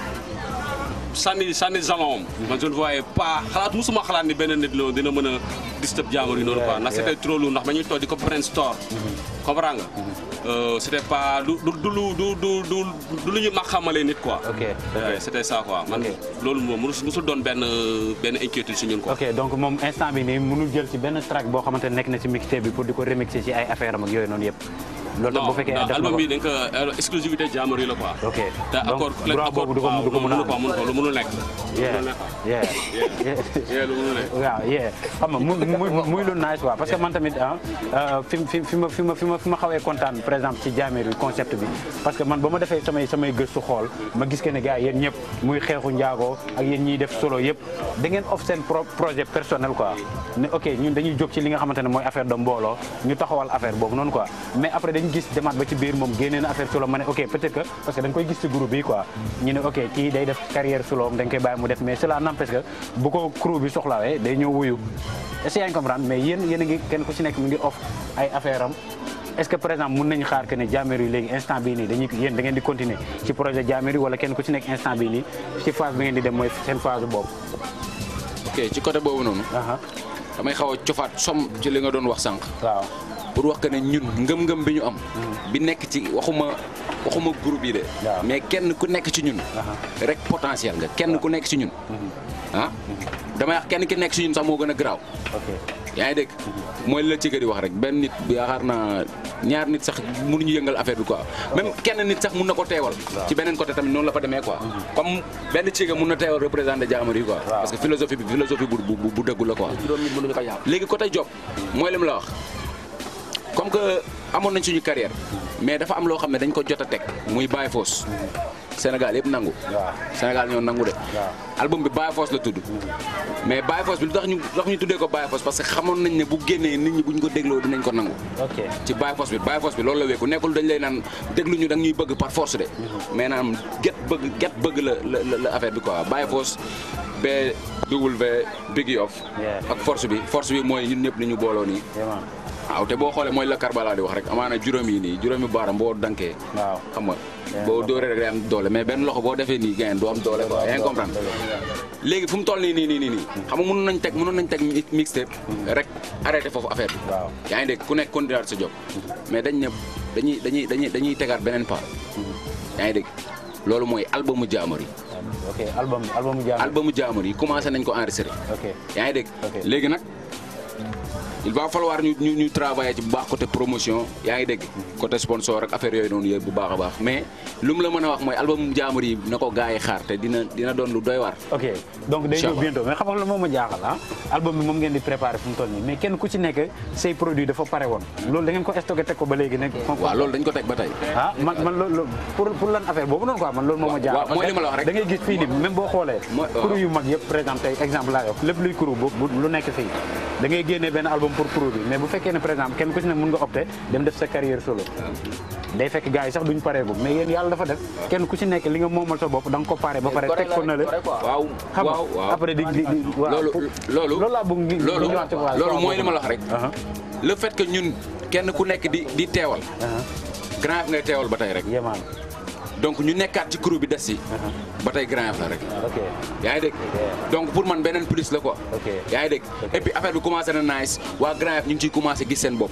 sànni sànni jalon man je ne voyais pas xalaat musuma xalaat ni benn nit la dina mën a disturb jaamur yi noonu quoi ndax ndax ma ñu toog di ko brainstorm mhm. comprends nga mhm. euh, c'était pas du du du du du lu ñu ma xamalee nit quoi c'était ça quoi man loolu moom musul doon benn benn inquiétude si ñun quoi ok donc moom instant bi nii mënul jël ci benn track boo xamante nekk na ci mixtape bi pour di ko remixer ci ay affaire am yooyu noonu yëpp loolu tam bu fekkee def na ko album bi dañ ko euh, exclusivité Jahmerue la quoi. ok te accord droit boobu du a am xam nga muy muy muy lu nice quoi parce que man tamit ah euh, fi fi fi ma fi ma fi ma fi ma xawee kontaan par exemple ci Jahmerue concept bi parce que man ba ma defee samay samay gëstu xool ma gis que ne gars yéen ñëpp muy xeexu njaago ak yéen ñiy def solo yëpp da ngeen off seen projet personnel quoi ne ok ñun dañuy jog ci li nga xamante ne mooy affaire de mbooloo ñu taxawal affaire boobu noonu quoi mais après dañ koy gis ci groupe bi quoi ñu ne ok kii day def carrière solo dañ koy bàyyi mu def mais cela n'empêche que bu ko crew bi soxlawee day ñëw wuyu est-ce que yaa ngi mais yéen yéen kenn ku ci nekk mu yi wala kenn ci nekk instant bii nii ci phase bi ngeen di dem mooy seen phase boobu ok ci côté boobu noonu damay xaw a cofaat som ci li doon wax sànq waaw pour wax que ne ñun ngëm-ngëm bi ñu am. bi nekk ci waxuma waxuma groupe yi de. mais kenn ku nekk ci ñun. rek potentiel nga kenn ku nekk ci ñun. Mhm. ah damay wax kenn ki nekk ci ñun sax moo gën a garaaw. yaa ngi dégg mhm. mooy la ci di wax rek benn nit yaakaar naa ñaar nit sax mënuñu yëngal affaire bi quoi ah, même kenn nit sax mun na ko teewal ci beneen côté tamit noonu la fa demee quoi mhm. comme benn ci mun na teewal représenté jaamar yi quoi parce que philosophie bi philosophie bu dëggu la quoi léegi côté job mooy lim comme que amoon nañ ñu carrière mais dafa am loo xam ne dañ ko jot a teg muy Baye Foss Sénégal yëpp nangu. Sénégal ñoo nangu de. album bi Baye Foss la tudd. mais Baye Foss bi lu ñu tax ñu tuddee ko Baye Foss parce que xamoon nañ ne bu génnee nit ñi buñ ko dégloo dinañ ko nangu. ci Baye Foss bi Baye Foss bi loolu la wéeku nekkul dañ lay naan déglu ñu da ñuy bëgg par force de. Mhm. mais naan get bëgg get bëgg la la la affaire bi quoi Baye Foss B W Big Yoff ak force bi force bi mooy ñun ñëpp ñu booloo nii. waaw te boo xoolee mooy la Karbala di wax rek amaana juróom yi nii juróomi baaram boo dankee. waaw xam nga boo dóoree rek am doole mais benn loxo boo defee nii gain du am doole quoi yaa ngi comprendre. léegi fu mu toll nii nii nii nii. xam nga mënoon nañ teg mënoon nañ teg mixtape rek arrêté foofu affaire bi. waaw yaa ngi dégg ku nekk continuer sa job. mais dañ ne dañuy dañuy dañuy dañuy tegaat beneen pas. yaa ngi dégg loolu mooy albumu jaamur yi. ok album albumu jaamur yi. albumu jaamur yi commencé nañ ko enregistré. ok yaa ngi dégg léegi nag. il va falloir ñu ñu ñu ci bu baax côté promotion yaa ngi dégg. côté sponsor ak affaire yooyu noonu yooyu bu baax a baax mais lu mu mën a wax mooy album te dina dina doon lu doy waar. ok donc day ñëw bientôt mais xam nga ma ah. ku ci nekk say produit dafa pare woon. loolu da ngeen ko stocké teg ko ba léegi nag. waaw loolu dañ ko teg ba tey. ah man man loolu pour pour lan affaire boobu la wax rek da gis fii nii même boo xoolee. kuru yu mag yëpp par exemple exemple laa yor lépp luy kuru bu lu nekk fii dangay génne benn album pour pro bi mais bu fekkee ne par exemple kenn ku ci ne mën nga opté dem def sa carrière solo day fekk gars sax duñ pareegum mais yéen yàlla dafa def kenn ku ci nekk li nga moomal sa bopp da nga ko pare ba pare teg ko na la waaw xam nga après di di loolu loolu laa bëgg loolu loolu mooy li ma la wax rek uh-huh. le fait que ñun kenn ku nekk di di teewal uh-huh. grand ngay teewal ba tey rek donc ñu nekkaat ci crew bi des si. Uh-huh. ba tey grand la rek. yaa ngi dégg donc pour man beneen plus la ko yaa ngi dégg et puis affaire bi commencé na nice waa grand F ñu ci ciy commencé gis seen bopp.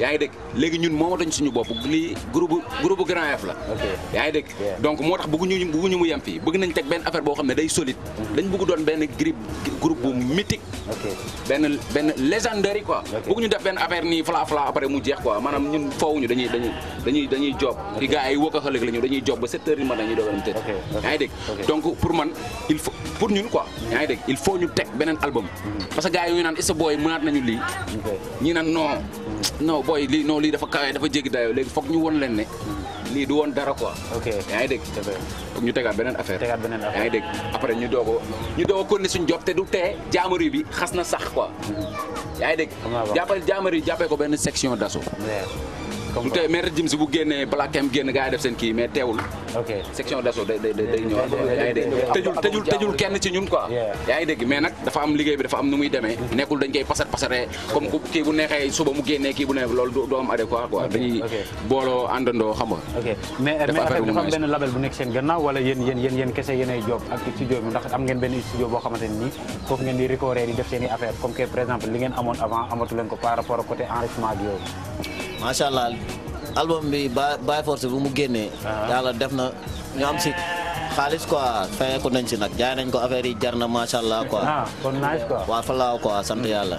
yaa ngi dégg léegi ñun moomatuñ suñu bopp lii groupe groupe grand F la. yaa ngi dégg donc moo tax bëgguñu bëgguñu mu yem fii bëgg nañ teg benn affaire boo xam ne day solide. Mm-hmm. dañ bëgg doon benn grippe groupe bu mythique. benn benn légendaire quoi. bëgg ñu def benn affaire nii fla fla après mu jeex ñu dañuy ba 7 heures man matin ñu doog a dem tëdd. yaa ngi dégg donc pour man il faut pour ñun quoi. yaa ngi dégg il faut ñu teg beneen album. Mhm. parce que gars yi ñu naan est-ce que booy mënaat nañu lii. ñi naan non non booy lii non lii dafa kawe dafa jeg dayoo léegi foog ñu won leen ne. Mhm. lii du woon dara quoi. ok yaa ngi dégg. foog ñu tegaat beneen affaire. tegaat beneen affaire yaa ngi dégg après ñu doog ñu doog ko continuer suñu jot te du tee jaamari bi xas na sax quoi. Mhm. yaa ngi dégg. jàppal jaamari jàppee ko benn section d'assaut comme tey maître Gims bu génnee balaa kem génn gaa yi def seen kii mais teewul. tëjul tëjul kenn ci ñun quoi. yaa ngi dégg mais nag dafa am liggéey bi dafa am nu muy demee. Mm-hmm. nekkul dañ koy pasar pasaree comme ku kii bu neexee suba mu génnee kii bu neex loolu du am adéquat quoi dañuy booloo àndandoo xam nga. ok bu nekk seen gannaaw wala yéen kese yéenay job am ngeen benn studio boo xamante ne nii foofu ngeen di recorder di def seen i affaire comme que par exemple li ngeen amoon avant amatu leen ko par rapport côté macha allah album bi ba by force bu mu génnee. Ah. yàlla def na ñu am si xaalis quoi fayee ko nañ si nag jaay nañ ko affaire yi jar na macha allah quoi. Ah, kon nice quoi. waaw fa laaw quoi sant hmm. yàlla.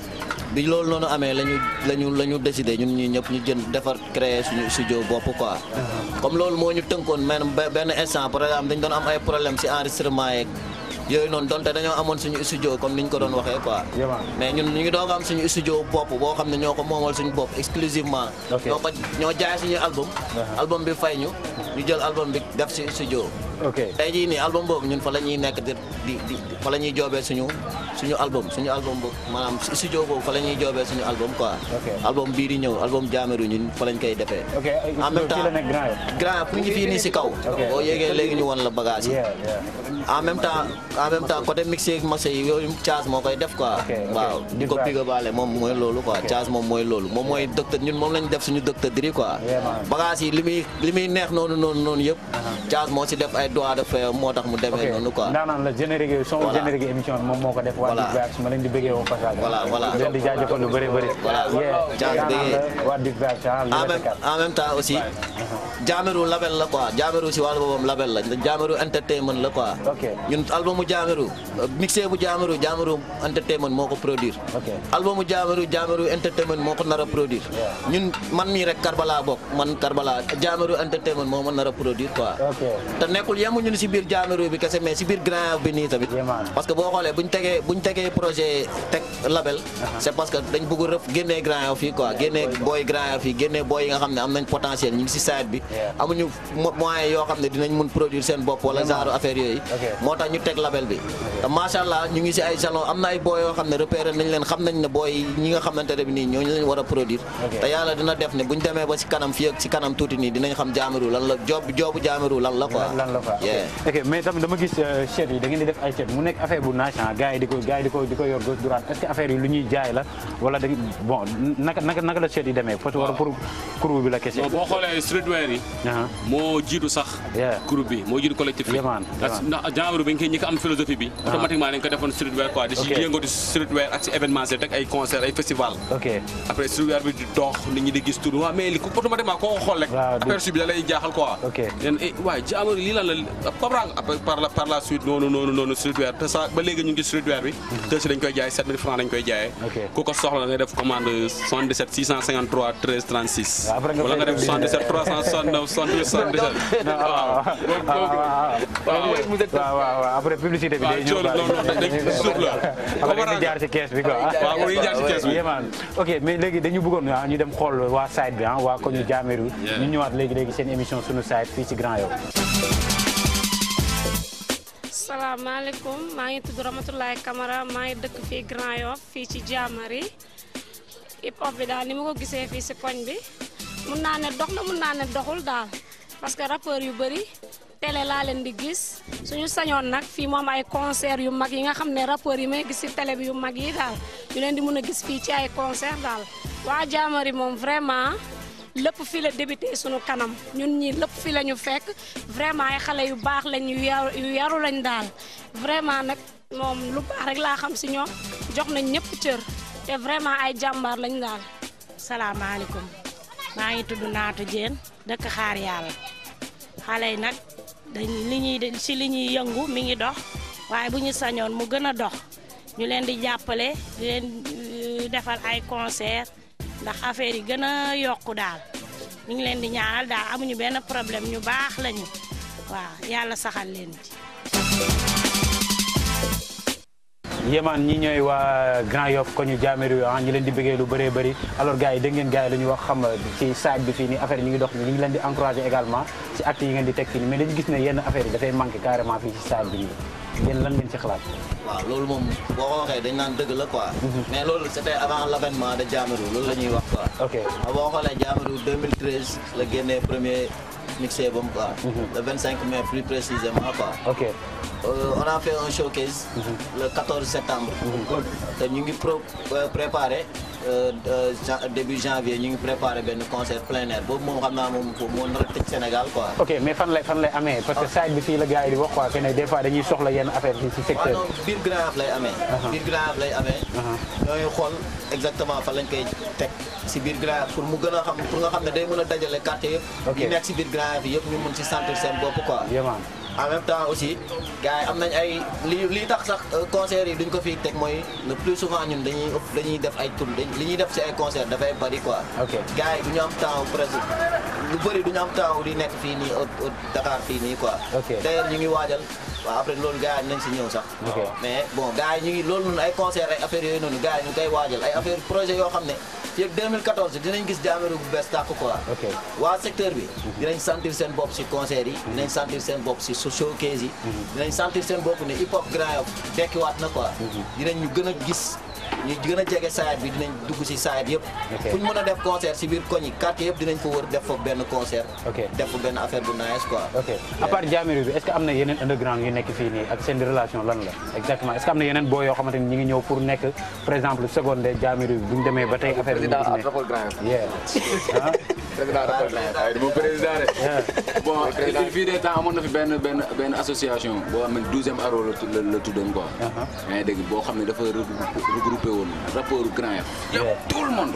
bi loolu noonu amee lañu lañu la ñu décidé ñun ñi ñëpp ñu jën defar créer suñu studio bopp quoi ah. comme loolu moo ñu tënkoon man benn instant par exemple dañ doon am ay problème si enregistrement yeeg yooyu noonu donte dañoo amoon suñu studio comme ni ñu ko doon waxee quoi. mais ñun ñu ngi doog am suñu studio bopp boo xam ne ñoo ko moomal suñu bopp exclusivement. ñoo ko ñoo jaay suñu album. Uh-huh. album bi fay ñu. ñu jël album bi def si studio. ok tey jii nii album boobu ñun fa la ñuy nekk di di fa la ñuy joobee suñu suñu album suñu album boobu maanaam studio boobu fa la ñuy joobee suñu album quoi. album bii di ñëw album jaameru ñun fa lañ koy defee. ok eh, en même temps grand si kaw. boo yéegee léegi ñu la bagage yi. en même temps en même temps côté yi yooyu Thiaz moo koy def quoi. waaw di ko piga baale moom mooy loolu quoi Thiaz moom mooy loolu moom mooy docteur ñun moom lañ def suñu docteur diri quoi. bagage yi li muy li muy neex noonu noonu noonu yëpp uh-huh. Thiaz moo si def ay ay droit de faire moo tax mu demee noonu quoi. ndaanaan la générique yooyu son générique émission bi moom moo ko def. voilà waa Duk Vibes ma leen di bëggee au passage. voilà voilà di leen di jaajëfal lu bëri bëri. voilà jaajëf bëggee waa Duk Vibes ah, en même temps aussi. Jaameru label la quoi Jaameru si wàllu boobam label la Jaameru entertainment la quoi. ñun albumu Jaameru mixé bu Jaameru Jaameru entertainment moo ko produire. albumu Jaameru Jaameru entertainment moo ko nar a produire. ñun man mii rek Karbala bokk man Karbala Jaameru entertainment moo ma nar a produire quoi. te nekkul nekkul yemuñu ni si biir jaamiru bi kese mais si biir grand bi nii tamit parce que boo xoolee buñ tegee tegee projet teg label uh-huh. c'est parce que dañ bëgg rëf génnee grand yow fii quoi génnee booy grand yow fii génnee booy yi nga xam ne am nañ potentiel ñu ngi si side yoo xam ne dinañ mun produire seen bopp wala genre affaire yooyu moo tax ñu teg label bi te macha allah ñu ngi si ay salon am na booy yoo xam ne repéré nañ leen xam nañ ne booy ñi nga xamante ne bi nii ñooñu ñu leen a produire te yàlla dina def ne demee ba si kanam fii ak si kanam tuuti nii dinañ xam jaamiru lan la job joobu jaamiru lan la quoi quoi ok mais tam dama gis chef yi da ngeen di def ay chef mu nekk affaire bu national gars yi di ko gars yi di ko di ko yor gauche droite est-ce que affaire yi lu ñuy jaay la wala da bon naka naka naka la chef yi demee parce que war pour crew bi la kese boo xoolee streetwear yi moo jiitu sax groupe bi moo jiitu collectif bi ndax genre bi nga ñi ko am philosophie bi automatiquement dañ ko defoon streetwear quoi di si yëngoo di streetwear ak si événementiel rek ay concert ay festival après streetwear bi di dox nit ñi di gis tudd waaw mais li automatiquement koo ko xool rek aperçu bi da lay jaaxal quoi eh, waaye genre lii lan la comprendre nga par la par la suite noonu noonu noonu te sa ba léegi ñu ngi street wear bi mhm. tësi dañ koy jaay 7000 francs dañ koy jaayee ku ko soxla nga def commande 77 653 13 36 wala nga def 77 369 77 waaw waaw waaw après publicité bi day waaw jaar mais léegi dañu bëggoon ah ñu dem xool waa site bi ah waa ko ñu jaameru ñu ñëwaat léegi léegi seen émission sunu site fii ci Grand Yoff asalaamaaleykum maa ngi tudd Ramatoulaye Camara maa ngi dëkk fii Grand Yoff fii ci Jaamari hip hop bi daal ni ma ko gisee fii si koñ bi mun naa ne dox na mun naa ne doxul daal parce que rappeurs yu bëri tele laa leen di gis suñu sañoon nag fii moom ay concert yu mag yi nga xam ne rapport yi may gis si télé bi yu mag yi daal ñu leen di mun a gis fii ci ay concert daal waa Jaamari moom vraiment lépp fii la débuté suñu kanam ñun ñi lëpp fii la ñu fekk vraiment ay xale yu baax lañu yu yaru lañ daal vraiment nag moom lu baax rek laa xam si ñoom jox nañ ñëpp cër te vraiment ay jàmbaar lañ daal. salaamaaleykum maa ngi tudd Naatu Dieng dëkk xaar yàlla xale yi nag dañ li ñuy si li ñuy yëngu mi ngi dox waaye bu ñu sañoon mu gën a dox ñu leen di jàppale di leen euh, defal ay concert ndax affaire yi gën a yokku daal ñu ngi leen di ñaanal daal amuñu benn problème ñu baax lañu waaw yàlla saxal leen ci yéemaan ñi ñooy waa Grand Yoff ko ñu jaameru ah ñi leen di bëggee lu bëree bëri alors gars yi dégg ngeen gars yi la ñu wax xam ci saaj bi fii ni affaire yi ñu ngi dox ni ñu ngi leen di encouragé également ci acte yi ngeen di teg fii mais dañu gis ne yenn yi dafay manqué carrément fii ci bi nii yéen lan ngeen ci xalaat. waaw loolu moom boo ko waxee dañ naan dëgg la quoi. Mhm. mais loolu c'était avant l'avènement de Jahmerue loolu la ñuy wax quoi. ok boo xoolee Jahmerue 2013 la génnee premier mixé bam quoi. Mhm. le 25 mai plus précisément quoi. ok euh, on a fait un showcase. Mhm. le 14 septembre. te ñu ngi pro euh, préparé. Euh, euh, début janvier ñu ngi préparé benn concert plein air boobu moom xam naa moom moo nar a Sénégal quoi. ok mais fan lay fan lay amee. parce que side bi fii la gars yi di wax quoi que ne des fois dañuy soxla yenn affaire yi ci secteur bi. non biir Grand Yoff lay amee. Uh-huh. biir Grand Yoff lay amee. ñooy uh-huh. xool exactement fan lañ koy teg si biir Grand Yoff pour mu gëna xam pour nga xam né day mëna dajalé quartier yépp ñu nekk ci biir Grand Yoff yëpp ñu mun ci sentir sen bopp quoi. en même temps aussi gars yi am nañ ay li li tax sax euh, concert yi duñ ko fii teg mooy le plus souvent ñun dañuy ëpp dañuy def ay tour li ñuy def si ay concert dafay bari quoi. ok gars yi du ñu am temps presque lu bëri du ñu am temps di nekk fii nii au Dakar fii nii quoi. ok d'ailleurs ñu ngi waajal. waaw après loolu gars yi nañ si ñëw sax mais bon gars yi ñu ngi loolu noonu ay concert ay affaires yooyu noonu gars yi ñu ngi waajal ay affaire projet yoo xam ne dinañ gis Jahmerue bu bees tàkk quoi waa secteur bi mhm. dinañ sentir seen bopp si concert yi mhm. dinañ sentir seen bopp si showcase yi mhm. dinañ sentir seen bopp ne hip hop Grand Yoff dekkiwaat na quoi dinañ ñu gën a gis ñu gën a jege saayit bi dinañ dugg si saayit yëpp fu ñu mën a def concert si bi est-ce que am nekk fii ak seen relation lan la exactement est-ce que am na yeneen boo yoo xamante pour nekk par exemple seconde jaamiru bi ba tey affaire bi Ah, président de moom ah. président de. bon il fii des temps amoon fi benn benn benn association bo xam 12e aro le tudon quoi. yaa ngi dégg boo xam dafa regrouper woon rapport grand tout le monde.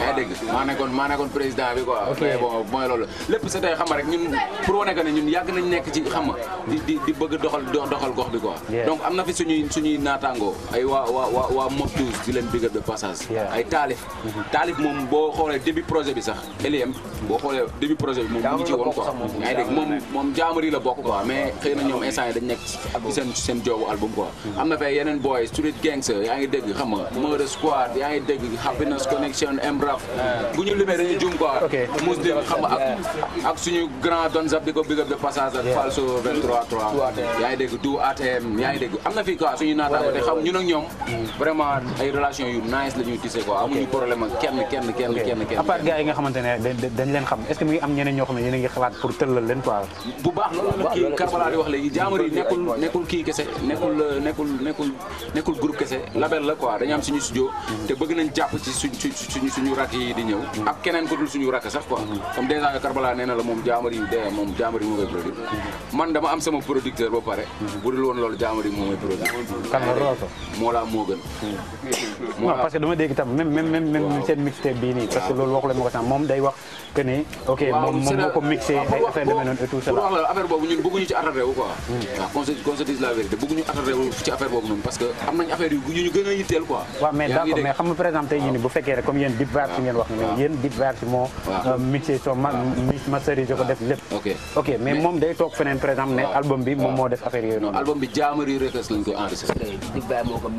yaa ngi dégg maa nekkoon maa nekkoon président bi quoi. mais bon mooy loolu lépp c'était xam rek ñun pour wane que ñun yag nañ nek ci xam di di di bëgg doxal doxal gox bi quoi. donc amna fi suñuy suñuy natango ay wa wa wa waa 12 di leen bigal de passage. ay talif mm-hmm. talif mom bo xolé début projet bi sax Elie dem boo xoolee début projet bi moom mu ngi ci woon quoi yaa ngi dégg moom moom jaamari la bokk quoi mais xëy na ñoom instant yi dañ nekk ci seen joobu album quoi hmm. am na fay yeneen boy street gangs yaa ngi dégg xam nga Squad yaa ngi dégg happiness connection mraf hmm. yaa ngi dégg du ATM yaa ngi am na fii quoi te xam ñun ak ñoom hmm. vraiment ay relation yu nice la ñuy tissé amuñu problème kenn kenn kenn kenn kenn à part yi nga xamante dañ leen xam est ce que mu ngi am ñeneen ñoo xam ne yéen a ngi xalaat pour tëllal leen quoi bu baax loolu la kii karbala di wax léegi jaamar yi nekkul nekkul kii kese nekkul nekkul nekkul nekkul groupe kese label la quoi dañu am suñu studio te bëgg nañ jàpp ci suñu suñu suñu rak yi di ñëw mm-hmm. ak keneen ko dul suñu rak sax quoi mm-hmm. comme dèjà karbala nee na la moom jaamar yi de moom jaamar yi moo koy produire mm-hmm. man dama am sama producteur ba pare bu dul woon loolu jaamar yi moo may produire kan la roto moo laa moo gën non parce que dama dégg tam même même même seen mixtape bii nii parce que loolu waxu leen ma ko tam moom day wax que ne ok moom moo ko mixé ay ah, affaire boobu ñun bëgguñu ci attardé wu quoi hmm. ah, waaw ci affaire boobu noonu parce que am nañ affaire yu ñu gën yitteel quoi waaw mais d'accord mais xam nga par ko def lépp ok mais moom day toog feneen par ne album bi moom moo def affaire yooyu noonu album bi jaamari rekas lañ ko enregistré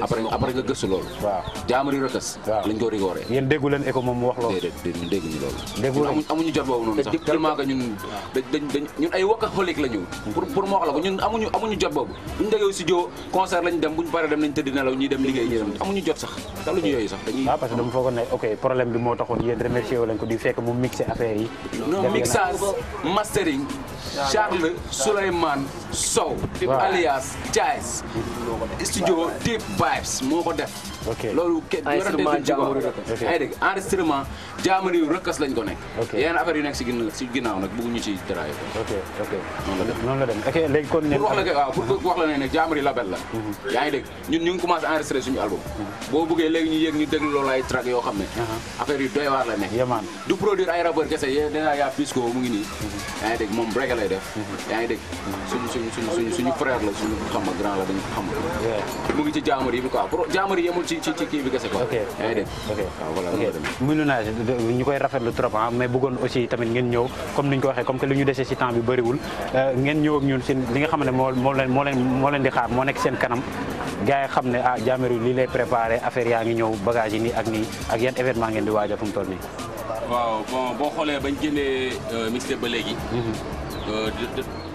après nga gëstu loolu waaw jaamari rekas lañ ko rigoré yéen déggu leen écho moom wax loolu amuñ amuñu jot boobu noonu sax tellement que ñun dañ dañ ñun ay workaholic la ñu pour pour ma wax la ko ñun amuñu amuñu jot boobu buñ déggee studio concert lañ dem buñ paree dem nañ tëdd nelaw ñuy dem liggéey ñuy dem amuñu jot sax taluñu yooyu sax dañuy waaw ah, parce que dama foogoon ne ok problème bi moo taxoon yéen remercié wu ko di fekk mu mixer affaire yi non mixage mastering Charles Souleymane Sow alias Jazz. studio Deep Vibes moo def ok loolu kenn yorante ci ko yaa ngi dégg ko nekk. ok yeneen affaire nekk si ginnaaw si ginnaaw nag ci daraay. ok ok la dem ok wax la que wax la ne nag label la. Mhm. yaa ngi dégg ñu ngi commencé suñu album. Mhm. boo bëggee léegi ñu yéeg ñu déglu yoo xam ne. Uh-huh. affaire yu waar la nekk. du produire ay rappeurs kese yéen dèjà yaa Pisco mu ngi nii. Mhm. yaa ngi dégg moom break lay yaa ngi dégg suñu suñu la suñu xam grand la dañu xam mu ngi ci jaamu ci ci kii bi kese quoi. ok ok waaw ah, ñu koy rafetlu trop ah mais bëggoon aussi tamit ngeen ñëw comme ni ñu ko comme que li ñu dese si temps bi bëriwul euh, ngeen ñëw ak ñun seen moo leen di xaar moo nekk seen kanam gars xam ne ah Jahmerue lay préparé affaire yaa ngi ñëw bagage yi nii ak nii événement ngeen di waajal fu mu nii. waaw boo xoolee bañ génnee euh, Mixtape ba léegi. Mhm. Euh,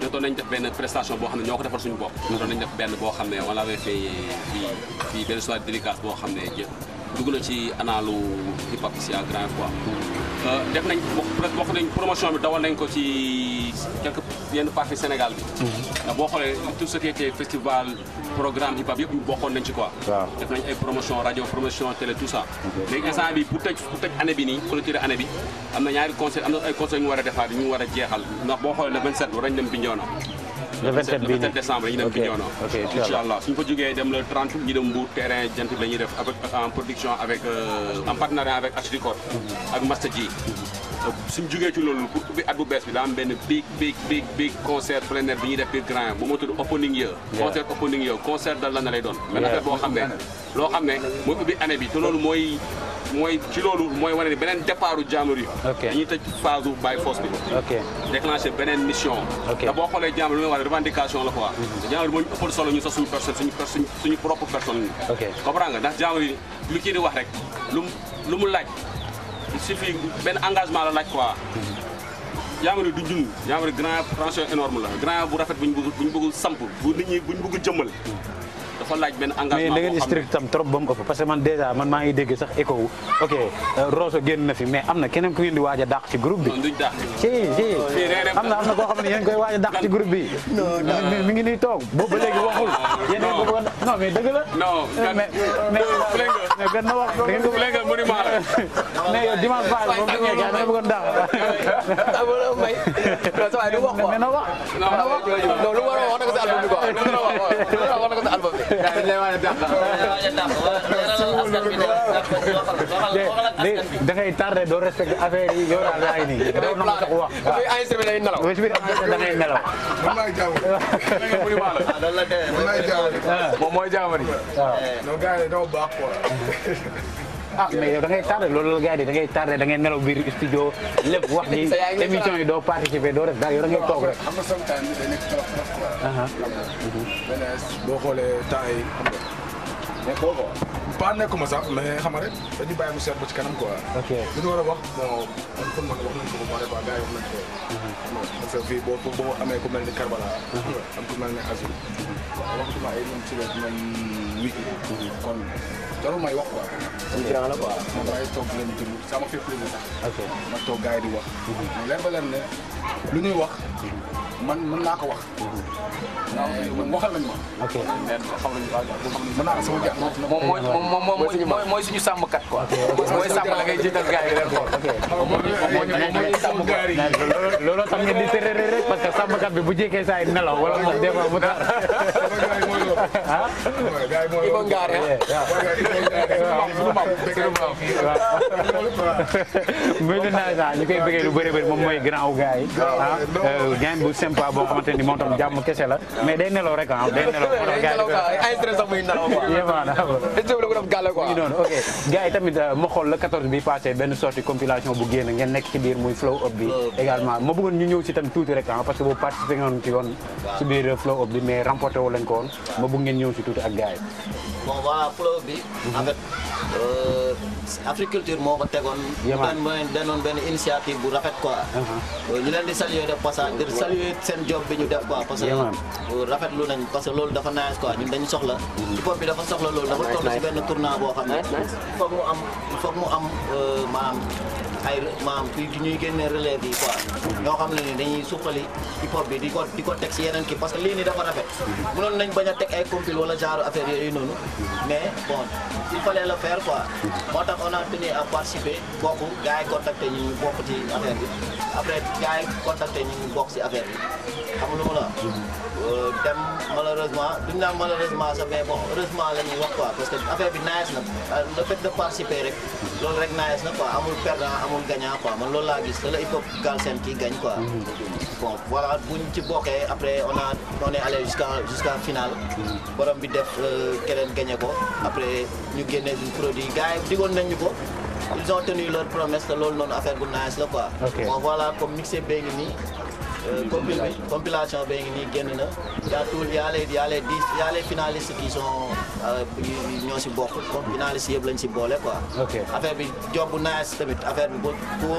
jotoon nañ def benn prestation boo xam ne ñoo ko defal suñu bopp. jotoon nañ def benn boo xam ne on avait fait fii fii benn soirée dédicace boo xam ne jë dugg ci analu hip hop ici à Grand Yoff Euh, def nañ wax nañ promotion bi dawal nañ ko ci quelque yenn partie Sénégal bi. Mhm. ndax boo xoolee tout ce qui était festival programme hip hop yëpp ñu bokkoon nañ ci quoi. waaw ay promotion rajo promotion télé tout ça. léegi instant bi bu tëj bu tëj année bi nii clôturer année bi am na ñaari concert am na ay concert ñu war a defaat ñu war a jeexal ndax boo xoolee le 27 war nañ dem Bignona. le 27 le 27 décembre ñu dem Bignona incha allah suñu fa jógee dem le 30 ñu dem Mbour terrain jant bi la ñuy def avec en production avec euh, en partenariat avec Ashricor mm-hmm. ak Master G suñ jugee ci loolu pour ubbi at bu bees bi daa am benn big big big big concert plein bi ñu def biir grand bu ma tudd opening year concert opening year concert dal la lay doon benn affaire boo xam ne loo xam ne mooy ubbi année bi mooy mooy ci mooy wane ni beneen départu Jàmbur yi dañuy tëj phase u Baye Foss bi déclenché beneen mission te boo xoolee Jàmbur li may wax revendication la quoi mhm. Jàmbur moo ñu ëppal solo ñu sax suñu personne suñu suñu suñu propre personne wax lu mu laaj suffit benn engagement la laaj quoi. Yamra du jun Yamra grand franchement énorme la grand bu rafet buñ ñu bu ñu bëgg samp bu nit ñi bu ñu bëgg jëmmal. dafa laaj benn engagement mais da ngeen strict tam trop ba mu ëpp parce que man déjà man maa ngi dégg sax écho wu ok Rosso génn na fi mais am na keneen ku ngeen di waaja a dàq ci groupe bi si am na am na koo xam ne yéen koy waaj a dàq bi mi ngi nii toog boobu ba léegi waxul yéen la non eh, mais mais benn wax mais moom da nga ko bëggoon dàq ah, a wax na ko si album bi a wax na ko si da ngay tardé doo respecté affaire yi yow daal yaa ngi nii. doo na ma sax wax waaw dafay ay semaine ay nelaw. bés bi da ngay nelaw. mën naa jaamu. mën naa jaamu. moom mooy jaamu. waaw. donc gars yi doo baax quoi. ah mais yow da ngay tardé loolu la gars yi da ngay tardé da ngay nelaw biir studio lépp wax ni émission yi doo participer doo def dara da ngay toog rek. am na solo temps yii day nekk trop boo xoolee temps yi xam nga nekkoo ko. pas sax mais xam nga rek dañuy bàyyi kanam quoi. a wax bon wax nañu ko bu baax quoi gars yi ko. parce que fii ma ay ñoom ci la ñoom loolu mooy wax quoi. ci la la quoi. moom damay toog leen sama fépp lu sax. ok ma toog di wax. mais leer ba leer ne lu ñuy wax man mën naa ko man waxal nañ ma. ok mais xam nañ ko mën naa sama jàpp. moom mooy moom mooy suñu sàmmkat quoi. mooy sàmm da ngay jiital gars yi rek quoi. ok mooy sàmm gars yi. loolu tax di tërërë rek parce que sàmmkat bi bu jékkee saa yi nelaw wala moom des fois bëgg naa sax ñu koy bëggee lu bëri bëri moom mooy grand wu gars yi ah euh, gain bu sympa boo xamante ni moom tam jàmm kese la mais day nelaw rek ah day nelaw moo tax gars yi ay stress sax muy yi tamit euh, ma xool le 14 bi passé benn sortie compilation bu génn ngeen nekk ci biir muy flow up bi également ma bëggoon ñu ñëw si tamit tuuti rek ah parce que boobu participé ngeen ci woon si biir flow up bi mais remporté wu lañ ko woon ma bëgg ngeen ñëw si tuuti ak gars xam nga euh, Africulture moo ko tegoon. yéen mooy danoon benn initiative bu rafet quoi. Uh-huh. ñu leen di saluer de passage di saluer seen job bi ñu def quoi. parce que rafetlu nañ parce que loolu dafa nice quoi ñun dañu soxla. Mm-hmm. hip hop bi dafa soxla loolu dafa toll si benn tournant boo xam ne. foog mu am foog mu am euh, maanaam. ay maam fii di ñuy génne relève yi quoi ñoo xam ne ni dañuy suqali hip hop bi di ko di ko teg si yeneen kii parce que lii nii dafa rafet mënoon nañ bañ a teg ay compil wala genre affaire yooyu noonu mais bon il fallait le faire quoi moo tax on a tenu à participer bokk gars yi bokk ci affaire bi après gars yi contacté ñu xam lu ma la euh, dem malheureusement duñ naan malheureusement sax mais bon heureusement la wax quoi parce que affaire bi nice na euh, le fait de participer rek loolu rek nice na quoi amul moom gagnant quoi man loolu laa gis te la hip hop Galsen kii gagne quoi. Mhm. bon voilà buñ ci bokkee après on a on est allé jusqu'à jusqu'à finale. Mhm. borom bi def euh, keneen gagné ko après ñu génnee produit gars digoon nañ ko. ils ont tenu leur promesse te loolu noonu affaire bu nice la quoi. bon voilà comme mixé bee ngi nii. Euh, compilation bee ngi nii génn na. Ah, y a tout y a les ñoo si bokk comme finalistes yëpp lañ si boole quoi. affaire bi job nice tamit affaire bi boo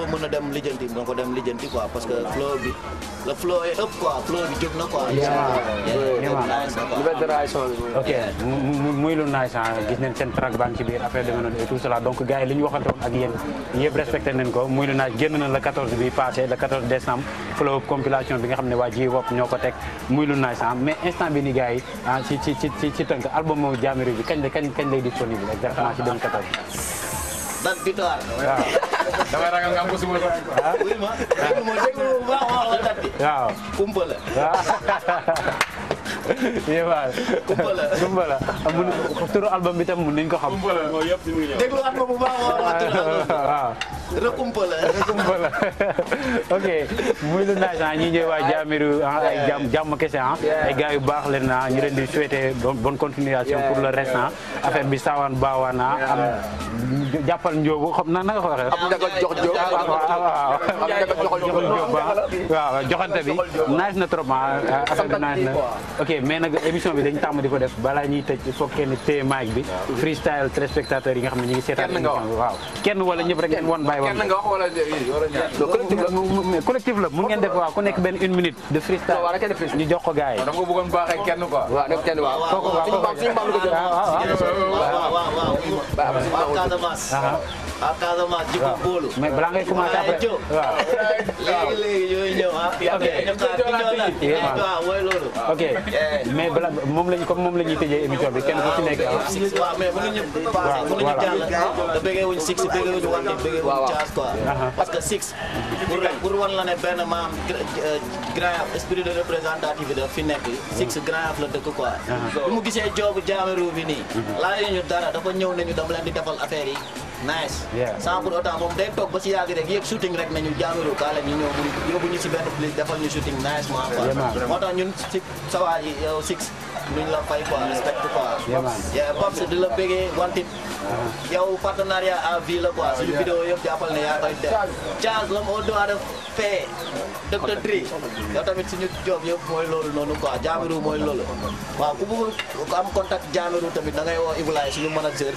mën a dem lijjanti mën ko dem lijjanti quoi parce que flow bi le flow est bi jóg na quoi. ok muy lu nice ah, gis nañ track banque ci biir affaire demee noonu et tout cela donc gars yi li ñu waxante woon ak yéen yëpp respecté nañ ko muy lu nice génn na le 14 bi passé le 14 décembre flow compilation bi nga xam ne waa ji wopp ñoo ko teg muy lu nice ah, mais instant bi ni gars yi ah ci ci album Jahmerue bi kañ la disponible exactement ci 2014. date butoir. waaw damay ragal nga am yéen kumbala kumbala mun turu album bi tam mun nañu ko xam. kumbala mooy yëpp mu ngi ñëw dégluwaat ma bu baax waa waa turu rekumpala rekumpala ok muy lu naaj ah ñi ñëw waa Jahmerue ah ay jàmm jàmm kese ah. ay gars yu baax leen naa ah. ñu leen di souhaiter bonne continuation pour la reste ah. affaire bi sawan bawana am jappal njogu xam na naka ko waxe am jagal jox jox am jagal jox jox waaw joxante bi nice na trop ah, ah, affaire bi nice na ok mais nak émission bi dañ tam di ko def bala ñuy tecc fo kenn té mic bi freestyle très spectateur yi nga xam ne ñi ngi sétal waaw kenn wala ñep rek en one by one kenn nga wax wala collectif la collectif la mu ngeen def waaw ku nekk ben 1 minute de freestyle waaw rek def freestyle ñu jox ko gaay da nga bëggoon baaxé kenn quoi waaw def kenn waaw koko waaw Acada mas. Acada mas de bumbulo. Mas branca e com yo yo, api api. OK. Mais mom lañ comme mom lañuy tejé émission bi kenn ku ci nek. kita mais bu ñu passé bu ñu jall. Da bëggé wuñ 6 bëggé wuñ wandi grand grand laalee ñu dara dafa ñëw nañu dama leen di defal affaire yi nice sans pour autant moom day toog ba si yàgg rek yëpp shooting rek nañu jaamiru kaale ñu ñëw yóbbu ñu si benn place defal ñu shooting nice moo tax ñun si sawaar six luñ la fay quoi respecte quoi. yaa Paps di la bëggee wantit uh-huh. yow partenariat à vie la quoi suñu vidéo yëpp jàppal ne yaa koy def. Charles l'homme au doigt de fer. docteur Dri yow tamit suñu job yëpp mooy loolu noonu quoi waaw ku bëgg am contact Jahmerue tamit da ngay woo Ibulaay suñu manager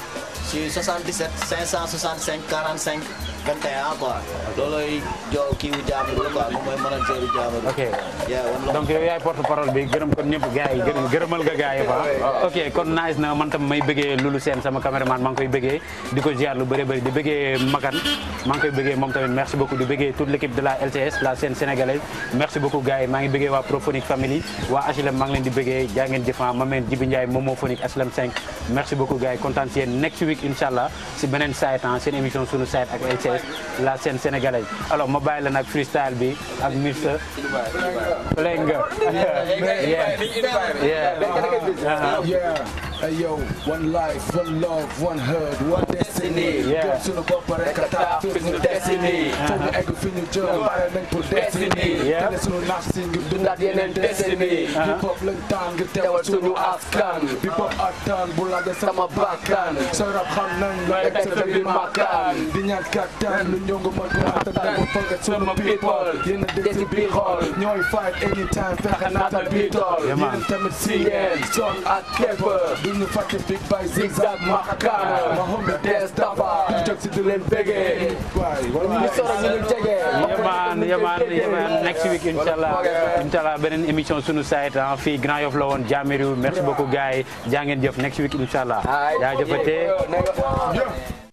si 77 565 45. 21 quoi donc yow yaay porte parole bi gërëm kon ñëpp gars gërëmal nga gars yi ok kon nice na man tam may bëggee Loulou Sène sama caméraman maa ngi koy bëggee di ko ziar lu bëri bëri di bëggee Makan maa koy bëggee moom tamit merci beaucoup di bëggee toute l' équipe de la LCS la scène sénégalaise merci beaucoup gars maa ngi bëggee waa Prophonique Family waa HLM maa ngi di bëggee jaa ngeen jëfan ah, Mamène Jibi Ndiaye Momophonique HLM 5 merci beaucoup gars yi Thiès la scène sénégalaise alors ma bàyyi la nag freestyle bi ak Mr Flingue Hey yo, one life, one love, one herd, one destiny. Gëm suñu bopp rek a taa fi suñu destiny. Foog ñu egg fi ñu jëm Yeah. nañ pour destiny. Tele suñu naf si ngir dundaat yeneen destiny. Uh-huh. Hip hop lañ taan ngir teewal suñu askan. Hip hop ak taan bu laajee sama bakkan. Sa rap xam nañ lu egg sa biir makkaan. Di ñaan kat daal lu ñongo ba people fight anytime big zigzag next week inshallah inshallah beneen émission sunu site en ah, fii Grand Yoff la woon Jaami merci beaucoup next week inshallah yaa